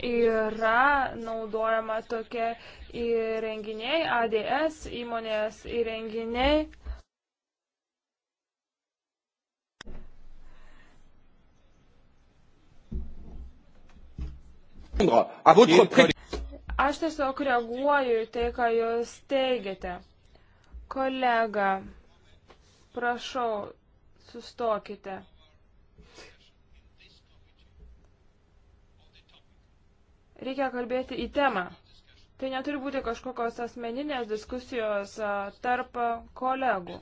yra naudojama tokie įrenginiai, ADS įmonės įrenginiai. Aš tiesiog reaguoju į tai, ką jūs teigiate. Kolega, prašau, sustokite. Reikia kalbėti į temą. Tai neturi būti kažkokios asmeninės diskusijos tarp kolegų.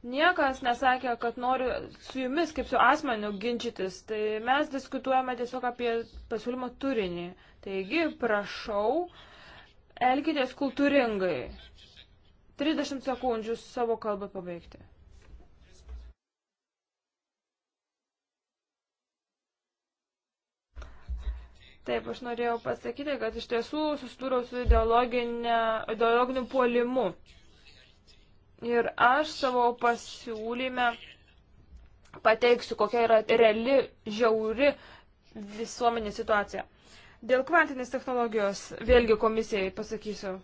Niekas nesakė, kad noriu su jumis kaip su asmeniu ginčytis, tai mes diskutuojame tiesiog apie pasiūlymo turinį. Taigi, prašau, elkitės kultūringai. 30 sekundžių savo kalbą pabaigti. Taip, aš norėjau pasakyti, kad iš tiesų susidūriau su ideologiniu puolimu. Ir aš savo pasiūlyme pateiksiu, kokia yra reali, žiauri visuomenė situacija. Dėl kvantinės technologijos, vėlgi komisijai pasakysiu,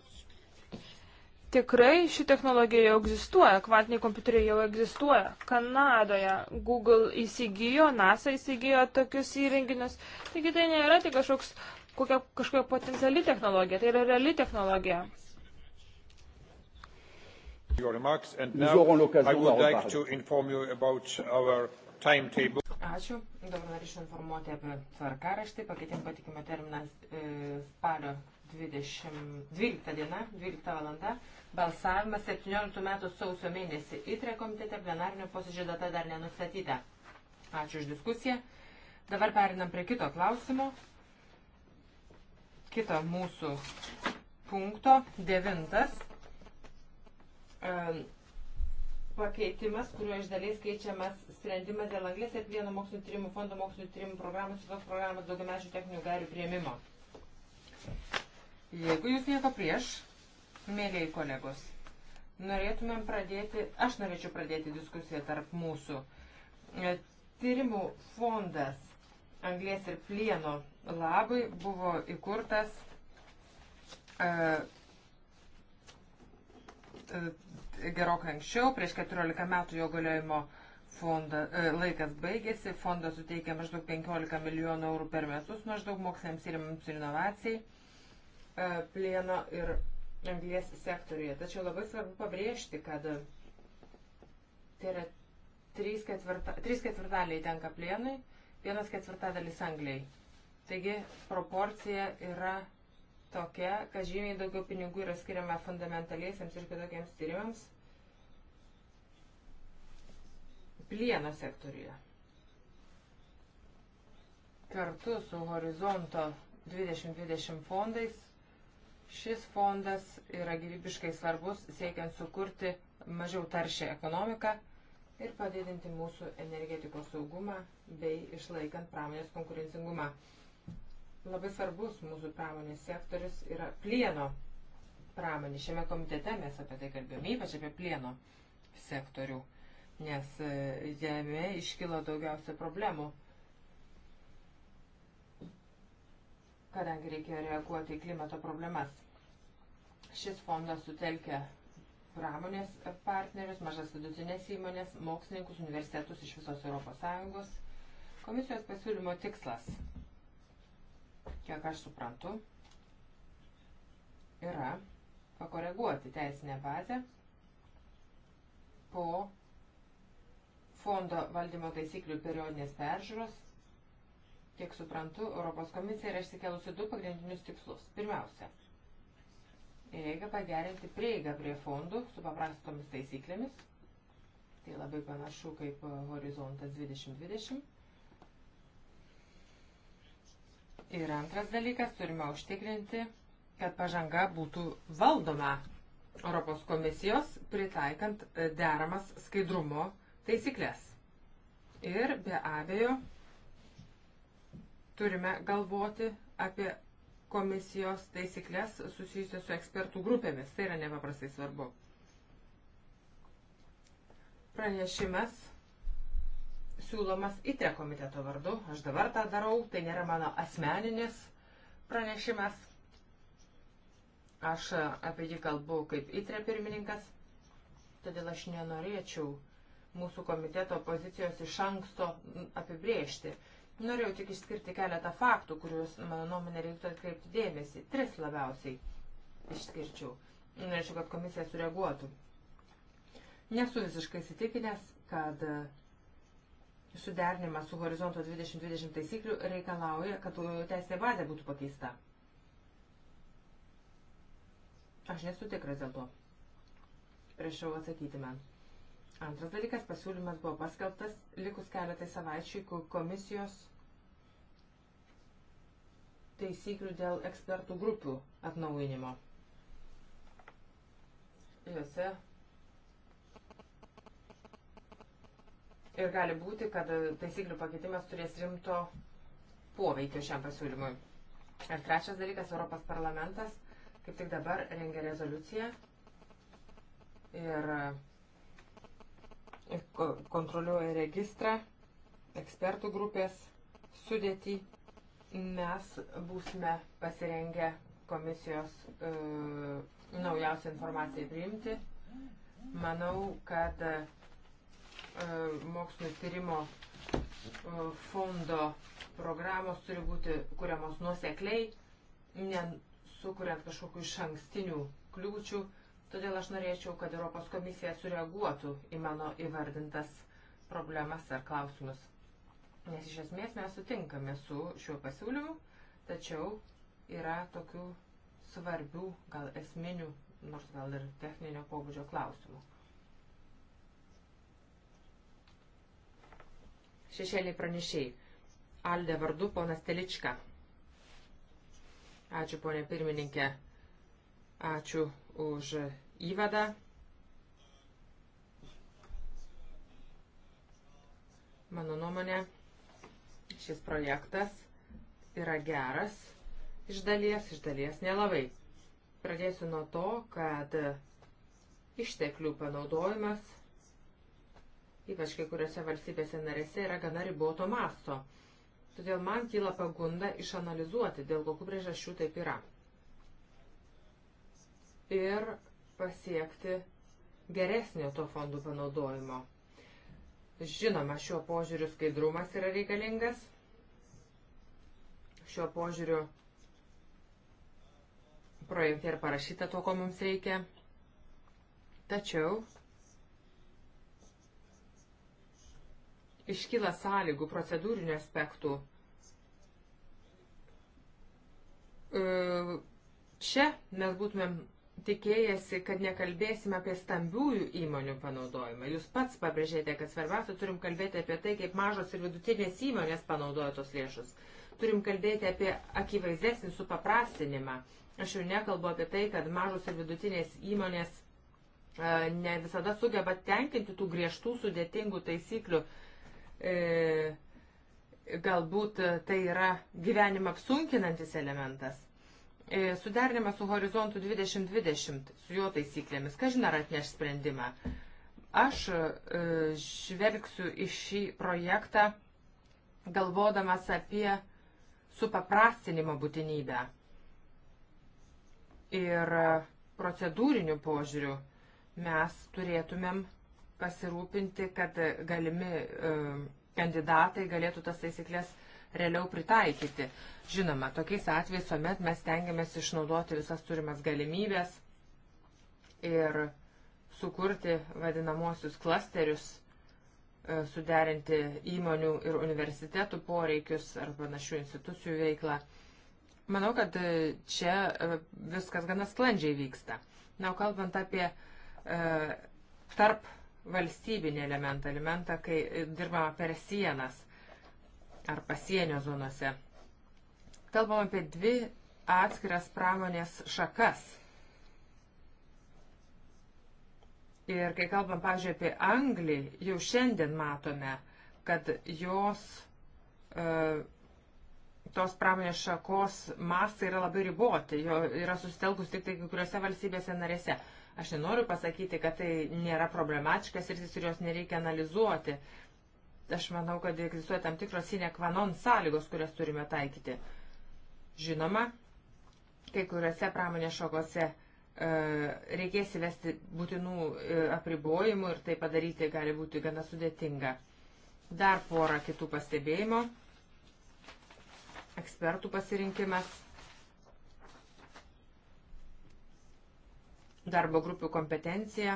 tikrai ši technologija jau egzistuoja, kvantiniai kompiuteriai jau egzistuoja. Kanadoje Google įsigijo, NASA įsigijo tokius įrenginius. Taigi tai nėra tik kažkoks, kokia, kažkokia potenciali technologija, tai yra reali technologija. Nous aurons l'occasion d'en reparler. Ačiū. Dabar norėčiau informuoti apie tvarkaraštį. Pakeitim patikimo terminas e, spalio 20, 12 diena, 12 valanda. Balsavimas 17 metų sausio mėnesį. Įtrė komitete plenarinio posėdžio data dar nenustatyta. Ačiū už diskusiją. Dabar perinam prie kito klausimo. Kito mūsų punkto. Devintas pakeitimas, kuriuo iš dalies keičiamas sprendimas dėl anglės ir vieno mokslinio tyrimų fondo mokslinio tyrimų programos, kitos programos daugiamečių techninių gairių prieimimo. Jeigu jūs nieko prieš, mėlyi kolegos, norėtumėm pradėti, aš norėčiau pradėti diskusiją tarp mūsų. E, tyrimų fondas anglės ir plieno labai buvo įkurtas uh, uh, gerokai anksčiau, prieš 14 metų jo galiojimo fonda, e, laikas baigėsi, fondas suteikia maždaug 15 milijonų eurų per metus maždaug moksliniams tyrimams ir inovacijai e, plieno ir anglies sektoriuje. Tačiau labai svarbu pabrėžti, kad tai yra 3 ketvirtaliai tenka plienui, 1 ketvirtadalis angliai. Taigi proporcija yra tokia, kad žymiai daugiau pinigų yra skiriama fundamentaliesiams ir kitokiems tyrimams plieno sektoriuje. Kartu su Horizonto 2020 fondais šis fondas yra gyvybiškai svarbus siekiant sukurti mažiau taršę ekonomiką ir padidinti mūsų energetikos saugumą bei išlaikant pramonės konkurencingumą. Labai svarbus mūsų pramonės sektorius yra plieno pramonė. Šiame komitete mes apie tai kalbėjome, ypač apie plieno sektorių, nes e, jame iškilo daugiausia problemų. kadangi reikėjo reaguoti į klimato problemas. Šis fondas sutelkia pramonės partnerius, mažas vidutinės įmonės, mokslininkus, universitetus iš visos ES. Komisijos pasiūlymo tikslas kiek aš suprantu, yra pakoreguoti teisinę bazę po fondo valdymo taisyklių periodinės peržiūros. Kiek suprantu, Europos komisija yra išsikelusi du pagrindinius tikslus. Pirmiausia, reikia pagerinti prieigą prie fondų su paprastomis taisyklėmis. Tai labai panašu kaip horizontas 2020 Ir antras dalykas, turime užtikrinti, kad pažanga būtų valdoma Europos komisijos pritaikant e, deramas skaidrumo taisyklės. Ir be abejo, turime galvoti apie komisijos taisyklės susijusios su ekspertų grupėmis. Tai yra nepaprastai svarbu. Pranešimas siūlomas ITRE komiteto vardu. Aš dabar tą darau, tai nėra mano asmeninis pranešimas. Aš apie jį kalbu kaip ITRE pirmininkas, todėl aš nenorėčiau mūsų komiteto pozicijos iš anksto apibriežti. Norėjau tik išskirti keletą faktų, kuriuos, mano nuomonė, reiktų atkreipti dėmesį. Tris labiausiai išskirčiau. Norėčiau, kad komisija sureaguotų. Nesu visiškai įsitikinęs, kad suderinimas su horizonto 2020 taisyklių reikalauja, kad teisinė bazė būtų pakeista. Aš nesu tikras dėl to. Prašau atsakyti man. Antras dalykas, pasiūlymas buvo paskelbtas likus keletai savaičių iki komisijos taisyklių dėl ekspertų grupių atnaujinimo. Juose ir gali būti, kad taisyklių pakeitimas turės rimto poveikio šiam pasiūlymui. Ir trečias dalykas, Europos parlamentas kaip tik dabar rengia rezoliuciją ir kontroliuoja registrą, ekspertų grupės sudėtį. Mes būsime pasirengę komisijos e, naujausią informaciją priimti. Manau, kad E, mokslinio tyrimo e, fondo programos turi būti kuriamos nuosekliai, nesukuriant kažkokių iš ankstinių kliūčių. Todėl aš norėčiau, kad Europos komisija sureaguotų į mano įvardintas problemas ar klausimus. Nes iš esmės mes sutinkame su šiuo pasiūlymu, tačiau yra tokių svarbių, gal esminių, nors gal ir techninio pobūdžio klausimų. Šešėliai pranešiai. Alde vardu ponas Telička. Ačiū ponė pirmininkė. Ačiū už įvadą. Mano nuomonė, šis projektas yra geras iš dalies, iš dalies nelabai. Pradėsiu nuo to, kad išteklių panaudojimas ypač kai kuriuose valstybėse narėse, yra gana riboto masto. Todėl man kyla pagunda išanalizuoti, dėl kokių priežasčių taip yra. Ir pasiekti geresnio to fondų panaudojimo. Žinoma, šiuo požiūriu skaidrumas yra reikalingas. Šiuo požiūriu projekte ir parašyta to, ko mums reikia. Tačiau iškyla sąlygų, procedūrinių aspektų. E, čia mes būtumėm tikėjęsi, kad nekalbėsime apie stambiųjų įmonių panaudojimą. Jūs pats pabrėžėte, kad svarbiausia turim kalbėti apie tai, kaip mažos ir vidutinės įmonės panaudoja tos lėšus. Turim kalbėti apie akivaizdesnį supaprastinimą. Aš jau nekalbu apie tai, kad mažos ir vidutinės įmonės e, ne visada sugeba tenkinti tų griežtų, sudėtingų taisyklių, uh, E, galbūt tai yra gyvenimą apsunkinantis elementas. E, suderinimas su horizontu 2020, su jo taisyklėmis, kažin ar atneš sprendimą. Aš e, žvelgsiu į šį projektą galvodamas apie supaprastinimo būtinybę ir procedūrinių požiūrių mes turėtumėm pasirūpinti, kad galimi e, kandidatai galėtų tas taisyklės realiau pritaikyti. Žinoma, tokiais atvejais tuomet mes tengiamės išnaudoti visas turimas galimybės ir sukurti vadinamosius klasterius, e, suderinti įmonių ir universitetų poreikius ar panašių institucijų veiklą. Manau, kad e, čia viskas gana sklandžiai vyksta. Na, kalbant apie tarp valstybinį elementą, elementą, kai dirbama per sienas ar pasienio zonose. Kalbam apie dvi atskiras pramonės šakas. Ir kai kalbam, pavyzdžiui, apie Anglį, jau šiandien matome, kad jos, e, tos pramonės šakos mastai yra labai riboti, jo yra susitelkus tik tai kai kuriuose valstybėse narėse. Aš nenoriu pasakyti, kad tai nėra problematiškas ir jis ir jos nereikia analizuoti. Aš manau, kad egzistuoja tam tikros sinekvanon sąlygos, kurias turime taikyti. Žinoma, kai kuriuose pramonės šakose e, reikės įvesti būtinų e, apribojimų ir tai padaryti gali būti gana sudėtinga. Dar pora kitų pastebėjimo. Ekspertų pasirinkimas darbo grupių kompetencija.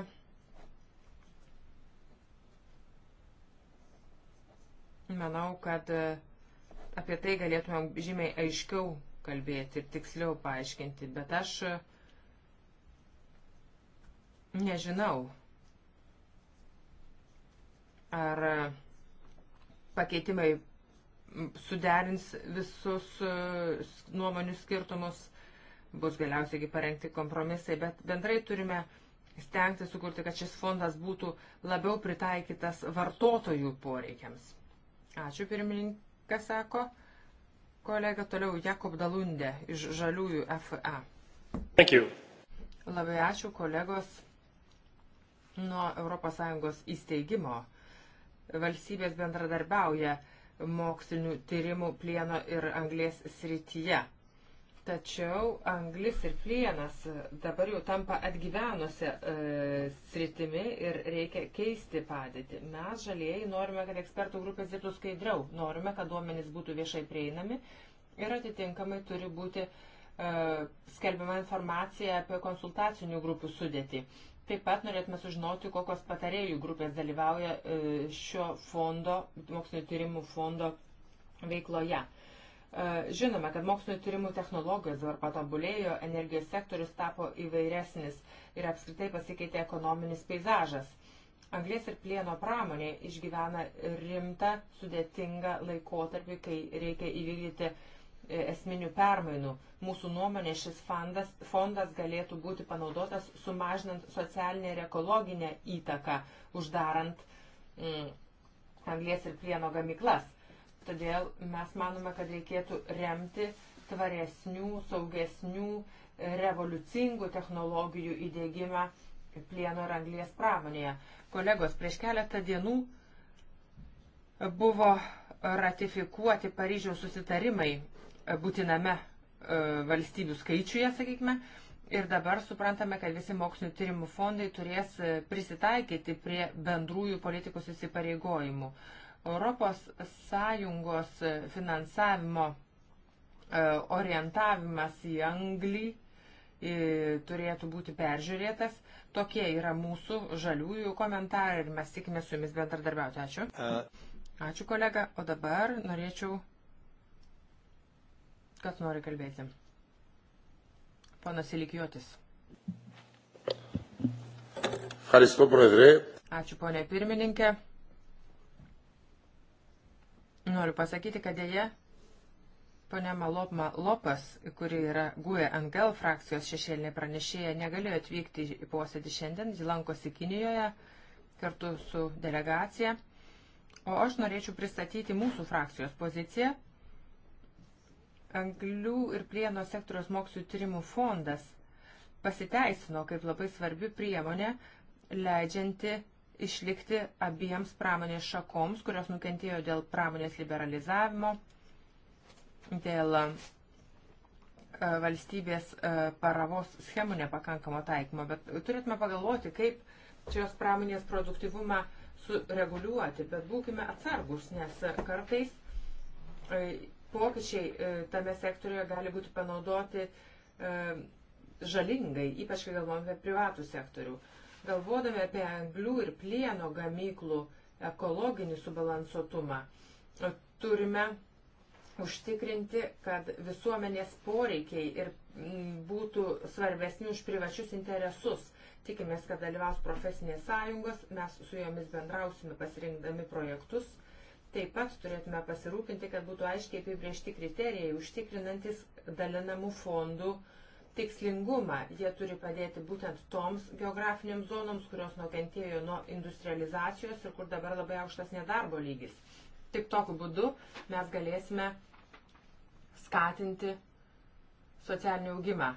Manau, kad e, apie tai galėtumėm žymiai aiškiau kalbėti ir tiksliau paaiškinti, bet aš e, nežinau, ar e, pakeitimai suderins visus nuomonių skirtumus bus galiausiai parengti kompromisai, bet bendrai turime stengti sukurti, kad šis fondas būtų labiau pritaikytas vartotojų poreikiams. Ačiū pirmininkas, sako kolega toliau Jakob Dalundė iš Žaliųjų FA. Thank you. Labai ačiū kolegos nuo ES įsteigimo. Valstybės bendradarbiauja mokslinių tyrimų plieno ir anglės srityje. Tačiau anglis ir plienas dabar jau tampa atgyvenusią e, sritimi ir reikia keisti padėtį. Mes žalieji norime, kad ekspertų grupės dirbtų skaidriau, norime, kad duomenys būtų viešai prieinami ir atitinkamai turi būti e, skelbiama informacija apie konsultacinių grupių sudėtį. Taip pat norėtume sužinoti, kokios patarėjų grupės dalyvauja e, šio fondo, mokslinio tyrimų fondo veikloje. E, žinome, kad mokslinio tyrimų technologijos dabar patobulėjo, energijos sektorius tapo įvairesnis ir apskritai pasikeitė ekonominis peizažas. Anglės ir plieno pramonė išgyvena rimtą, sudėtingą laikotarpį, kai reikia įvykdyti e, esminių permainų. Mūsų nuomonė šis fondas, fondas galėtų būti panaudotas sumažinant socialinę ir ekologinę įtaką, uždarant mm, anglės ir plieno gamiklas Todėl mes manome, kad reikėtų remti tvaresnių, saugesnių, revoliucingų technologijų įdėgymą plieno ir anglies pramonėje. Kolegos, prieš keletą dienų buvo ratifikuoti Paryžiaus susitarimai būtiname e, valstybių skaičiuje, sakykime, ir dabar suprantame, kad visi mokslinio tyrimų fondai turės e, prisitaikyti prie bendrųjų politikos įsipareigojimų. Uh, Europos Sąjungos finansavimo e, orientavimas į anglį e, turėtų būti peržiūrėtas. Tokie yra mūsų žaliųjų komentarai ir mes tikime su jumis bendradarbiauti. Ačiū. E. Ačiū kolega. O dabar norėčiau. Kas nori kalbėti? Ponas Ilikijotis. Ačiū ponė pirmininkė. Noriu pasakyti, kad dėje ponia Malopma Lopas, kuri yra GUE NGL frakcijos šešėlinė pranešėja, negalėjo atvykti į posėdį šiandien, ji lankosi Kinijoje kartu su delegacija. O aš norėčiau pristatyti mūsų frakcijos poziciją. Anglių ir plieno sektoriaus mokslių tyrimų fondas pasiteisino kaip labai svarbi priemonė, leidžianti išlikti abiems pramonės šakoms, kurios nukentėjo dėl pramonės liberalizavimo, dėl e, valstybės e, paravos schemų nepakankamo taikymo, bet turėtume pagalvoti, kaip šios pramonės produktivumą sureguliuoti, bet būkime atsargus, nes kartais e, pokyčiai tame sektoriuje gali būti panaudoti žalingai, ypač kai galvojame apie privatų sektorių galvodami apie anglių ir plieno gamyklų ekologinį subalansuotumą, turime užtikrinti, kad visuomenės poreikiai ir mm, būtų svarbesni už privačius interesus. Tikimės, kad dalyvaus profesinės sąjungos, mes su jomis bendrausime pasirinkdami projektus. Taip pat turėtume pasirūpinti, kad būtų aiškiai apibriežti kriterijai užtikrinantis dalinamų fondų uh, tikslingumą. Jie turi padėti būtent toms geografinėms zonoms, kurios nukentėjo nuo industrializacijos ir kur dabar labai aukštas nedarbo lygis. Tik tokiu būdu mes galėsime skatinti socialinį augimą.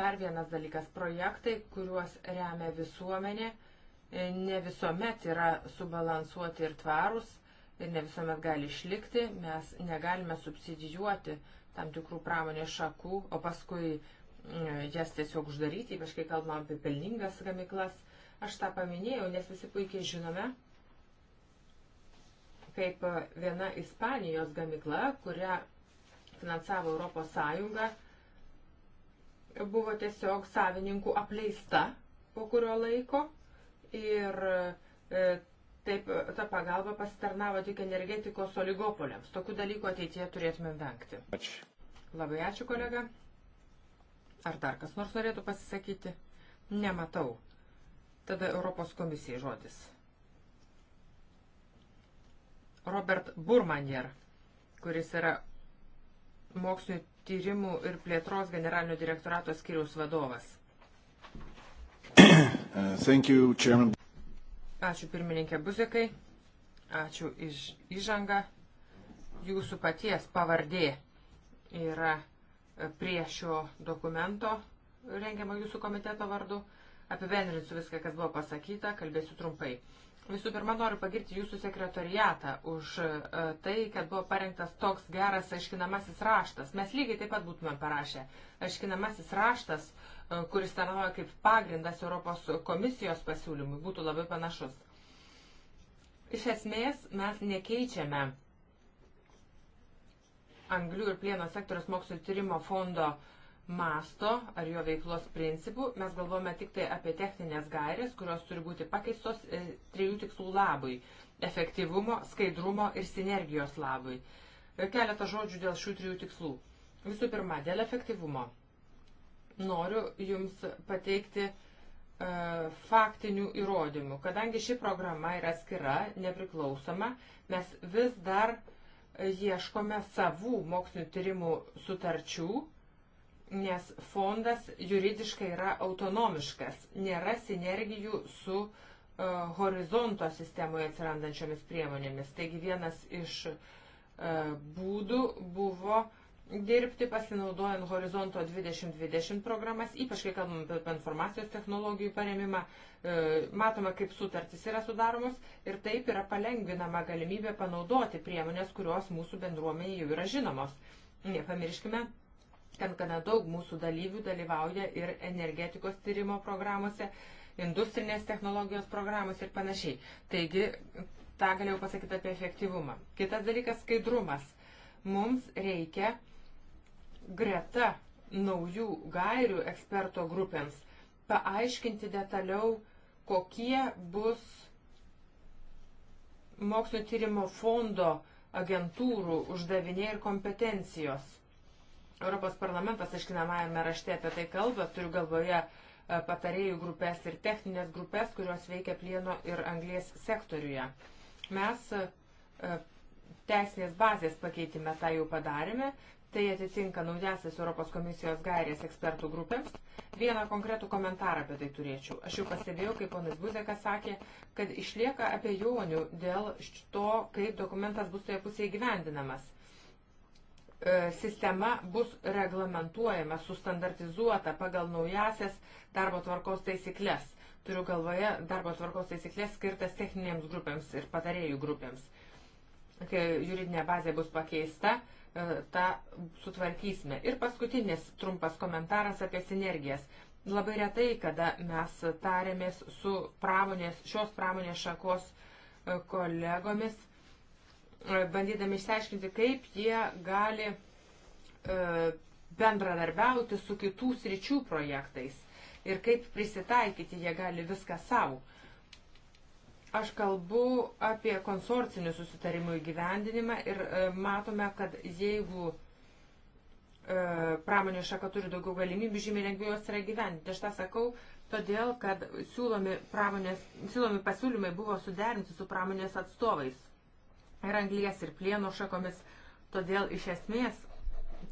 Dar vienas dalykas - projektai, kuriuos remia visuomenė, e, ne visuomet yra subalansuoti ir tvarūs ir ne visuomet gali išlikti. Mes negalime subsidijuoti tam tikrų pramonės šakų, o paskui mm, jas tiesiog uždaryti, ypač kai kalbam apie pelningas gamiklas. Aš tą paminėjau, nes visi puikiai žinome, kaip e, viena Ispanijos gamikla, kurią finansavo Europos Sąjunga, buvo tiesiog savininkų apleista po kurio laiko ir e, Taip, ta pagalba pasitarnavo tik energetikos oligopoliams. Tokių dalykų ateityje turėtume vengti. Ačiū. Labai ačiū, kolega. Ar dar kas nors norėtų pasisakyti? Nematau. Tada Europos komisijai žodis. Robert Burmanier, kuris yra mokslinio tyrimų ir plėtros generalinio direktorato skiriaus vadovas. Thank you, Chairman. Ačiū pirmininkė Buzikai, ačiū iš įžangą. Jūsų paties pavardė yra prie šio dokumento rengiamo jūsų komiteto vardu. Apibendrinsiu viską, kas buvo pasakyta, kalbėsiu trumpai. Visų pirma, noriu pagirti jūsų sekretoriatą už e, tai, kad buvo parengtas toks geras aiškinamasis raštas. Mes lygiai taip pat būtumėm parašę. Aiškinamasis raštas uh, E, kuris tarnauja kaip pagrindas Europos komisijos pasiūlymui, būtų labai panašus. Iš esmės mes nekeičiame anglių ir plieno sektoriaus mokslo tyrimo fondo masto ar jo veiklos principų. Mes galvome tik tai apie techninės gairės, kurios turi būti pakeistos e, trijų tikslų labui - efektyvumo, skaidrumo ir sinergijos labui. E, keletą žodžių dėl šių trijų tikslų. Visų pirma, dėl efektyvumo noriu Jums pateikti e, faktinių įrodymų. Kadangi ši programa yra skira, nepriklausoma, mes vis dar ieškome savų mokslinių tyrimų sutarčių, nes fondas juridiškai yra autonomiškas, nėra sinergijų su uh, horizonto sistemoje atsirandančiomis priemonėmis. Taigi vienas iš uh, būdų buvo uh, dirbti pasinaudojant Horizonto 2020 programas, ypač kai kalbam apie informacijos technologijų paremimą, e, matome, kaip sutartys yra sudaromos ir taip yra palengvinama galimybė panaudoti priemonės, kurios mūsų bendruomenė jau yra žinomos. Nepamirškime, kad gana daug mūsų dalyvių dalyvauja ir energetikos tyrimo programuose, industrinės technologijos programuose ir panašiai. Taigi, tą galėjau pasakyti apie efektyvumą. Kitas dalykas - skaidrumas. Mums reikia uh, greta naujų gairių eksperto grupėms paaiškinti detaliau, kokie bus mokslinio tyrimo fondo agentūrų uždaviniai ir kompetencijos. Europos parlamentas aiškinamajame rašte apie tai kalba, turiu galvoje e, patarėjų grupės ir techninės grupės, kurios veikia plieno ir anglės sektoriuje. Mes e, e, teisinės bazės pakeitime tą jau padarėme, Tai atitinka naujasias Europos komisijos gairės ekspertų grupėms. Vieną konkretų komentarą apie tai turėčiau. Aš jau pastebėjau, kaip ponas Buzekas sakė, kad išlieka abejonių dėl to, kaip dokumentas bus toje pusėje gyvendinamas. E, sistema bus reglamentuojama, sustandartizuota pagal naujasias darbo tvarkos taisyklės. Turiu galvoje darbo tvarkos taisyklės skirtas techninėms grupėms ir patarėjų grupėms. Kai juridinė bazė bus pakeista, uh, E, tą sutvarkysime. Ir paskutinis trumpas komentaras apie sinergijas. Labai retai, kada mes tarėmės su pramonės, šios pramonės šakos e, kolegomis, e, bandydami išsiaiškinti, kaip jie gali bendradarbiauti su kitų sričių projektais ir kaip prisitaikyti jie gali viską savo. Aš kalbu apie konsorcinių susitarimų įgyvendinimą ir e, matome, kad jeigu e, pramonė šaka turi daugiau galimybių, žymiai lengviau jos yra gyventi. Aš tą sakau, todėl, kad siūlomi, pramonės, siūlomi pasiūlymai buvo suderinti su pramonės atstovais ir anglijas ir plieno šakomis, todėl iš esmės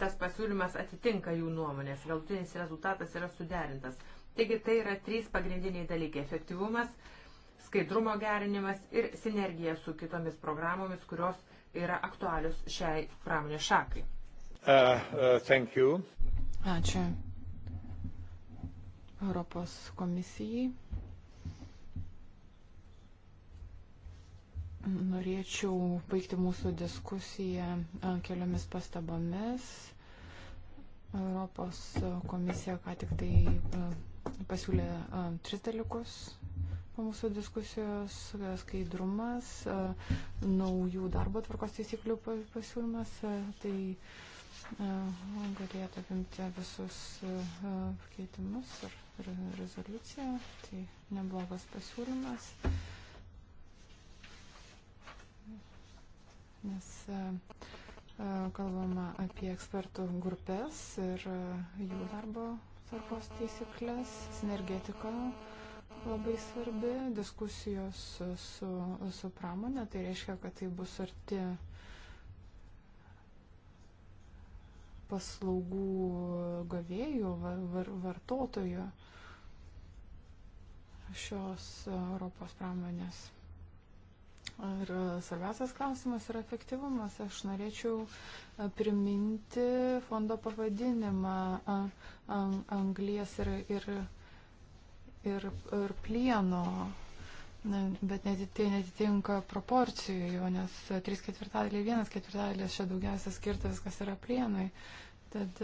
tas pasiūlymas atitinka jų nuomonės, galutinis rezultatas yra suderintas. Taigi tai yra trys pagrindiniai dalykai - efektyvumas, skaidrumo gerinimas ir sinergija su kitomis programomis, kurios yra aktualius šiai pramonės šakai. Uh, uh, Ačiū. Europos komisijai. Norėčiau baigti mūsų diskusiją uh, keliomis pastabomis. Europos komisija ką tik tai uh, pasiūlė uh, tris dalykus po mūsų diskusijos e, skaidrumas, e, naujų darbo tvarkos taisyklių pasiūlymas, e, tai galėtų apimti visus pakeitimus ir rezoliuciją. Tai neblogas pasiūlymas. Nes kalbama apie ekspertų grupės ir jų darbo tvarkos taisyklės, sinergetika. Uh, labai svarbi diskusijos su, su pramonė, tai reiškia, kad tai bus arti paslaugų gavėjų, var, var, vartotojų šios Europos pramonės. Ir svarbiausias klausimas yra efektyvumas. Aš norėčiau priminti fondo pavadinimą anglies ir, ir ir, ir plieno, bet tai netitinka proporcijų, nes 3 ketvirtadaliai, 1 ketvirtadalis čia daugiausia skirta viskas yra plienui. Tad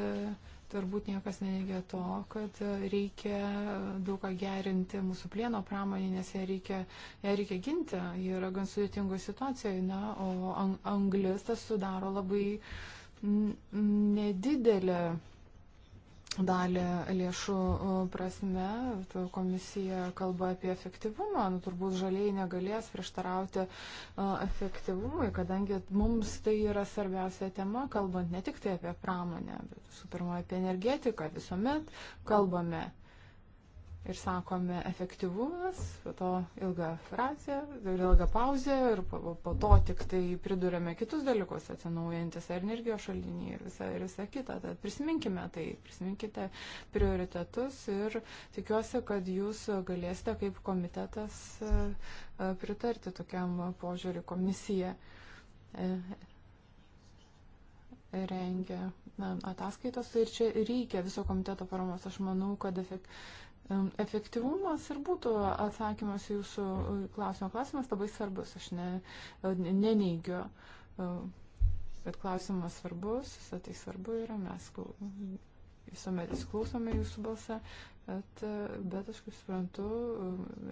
turbūt niekas neneigia to, kad reikia daug ką gerinti mūsų plieno pramonį, nes ją reikia, ją reikia ginti. Ji yra gan sudėtingoje situacijoje, na, o ang anglis tas sudaro labai nedidelę dalį lėšų prasme. Komisija kalba apie efektyvumą. Nu, turbūt žaliai negalės prieštarauti efektyvumui, kadangi mums tai yra svarbiausia tema, kalbant ne tik tai apie pramonę, bet visų pirma apie energetiką. Visuomet kalbame ir sakome efektyvumas, po to ilga frazė, ilga pauzė ir po, po to tik tai pridurėme kitus dalykus, atsinaujantis energijos šaltiniai ir visą ir visa kita. Tad prisiminkime tai, prisiminkite prioritetus ir tikiuosi, kad jūs galėsite kaip komitetas e, e, pritarti tokiam požiūriu komisija e, rengia na, ataskaitos ir čia reikia viso komiteto paramos. Aš manau, kad efek, Efektyvumas ir būtų atsakymas jūsų e, klausimo. Klausimas labai svarbus, aš ne, e, neneigiu, e, bet klausimas svarbus, visą tai svarbu yra, mes visuomet įsiklausome jūsų balsą, bet, bet aš kaip suprantu,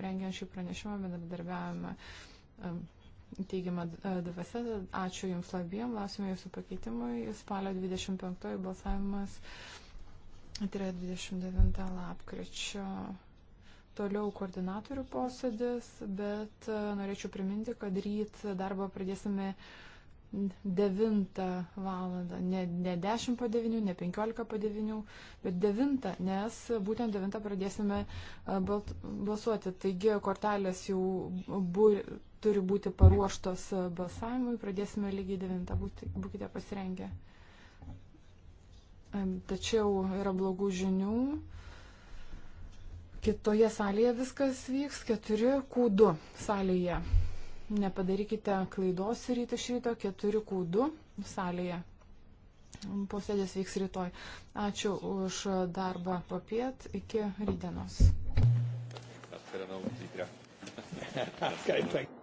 rengiant šį pranešimą bendradarbiavimą teigiamą dvasę. Ačiū Jums labiem, lausime Jūsų pakeitimui. Spalio 25 balsavimas. Tai yra 29 lapkričio. Toliau koordinatorių posėdis, bet e, norėčiau priminti, kad ryt darbą pradėsime 9 valandą. Ne, ne 10 po 9, ne 15 po 9, bet 9, nes būtent 9 pradėsime e, balsuoti. Taigi kortelės jau bu, turi būti paruoštos balsavimui, pradėsime lygiai 9. Būkite pasirengę. Tačiau yra blogų žinių. Kitoje salėje viskas vyks 4Q2 salėje. Nepadarykite klaidos ryte iš ryto 4Q2 salėje. Posėdės vyks rytoj. Ačiū už darbą papiet. Iki rydienos. Skype. <laughs>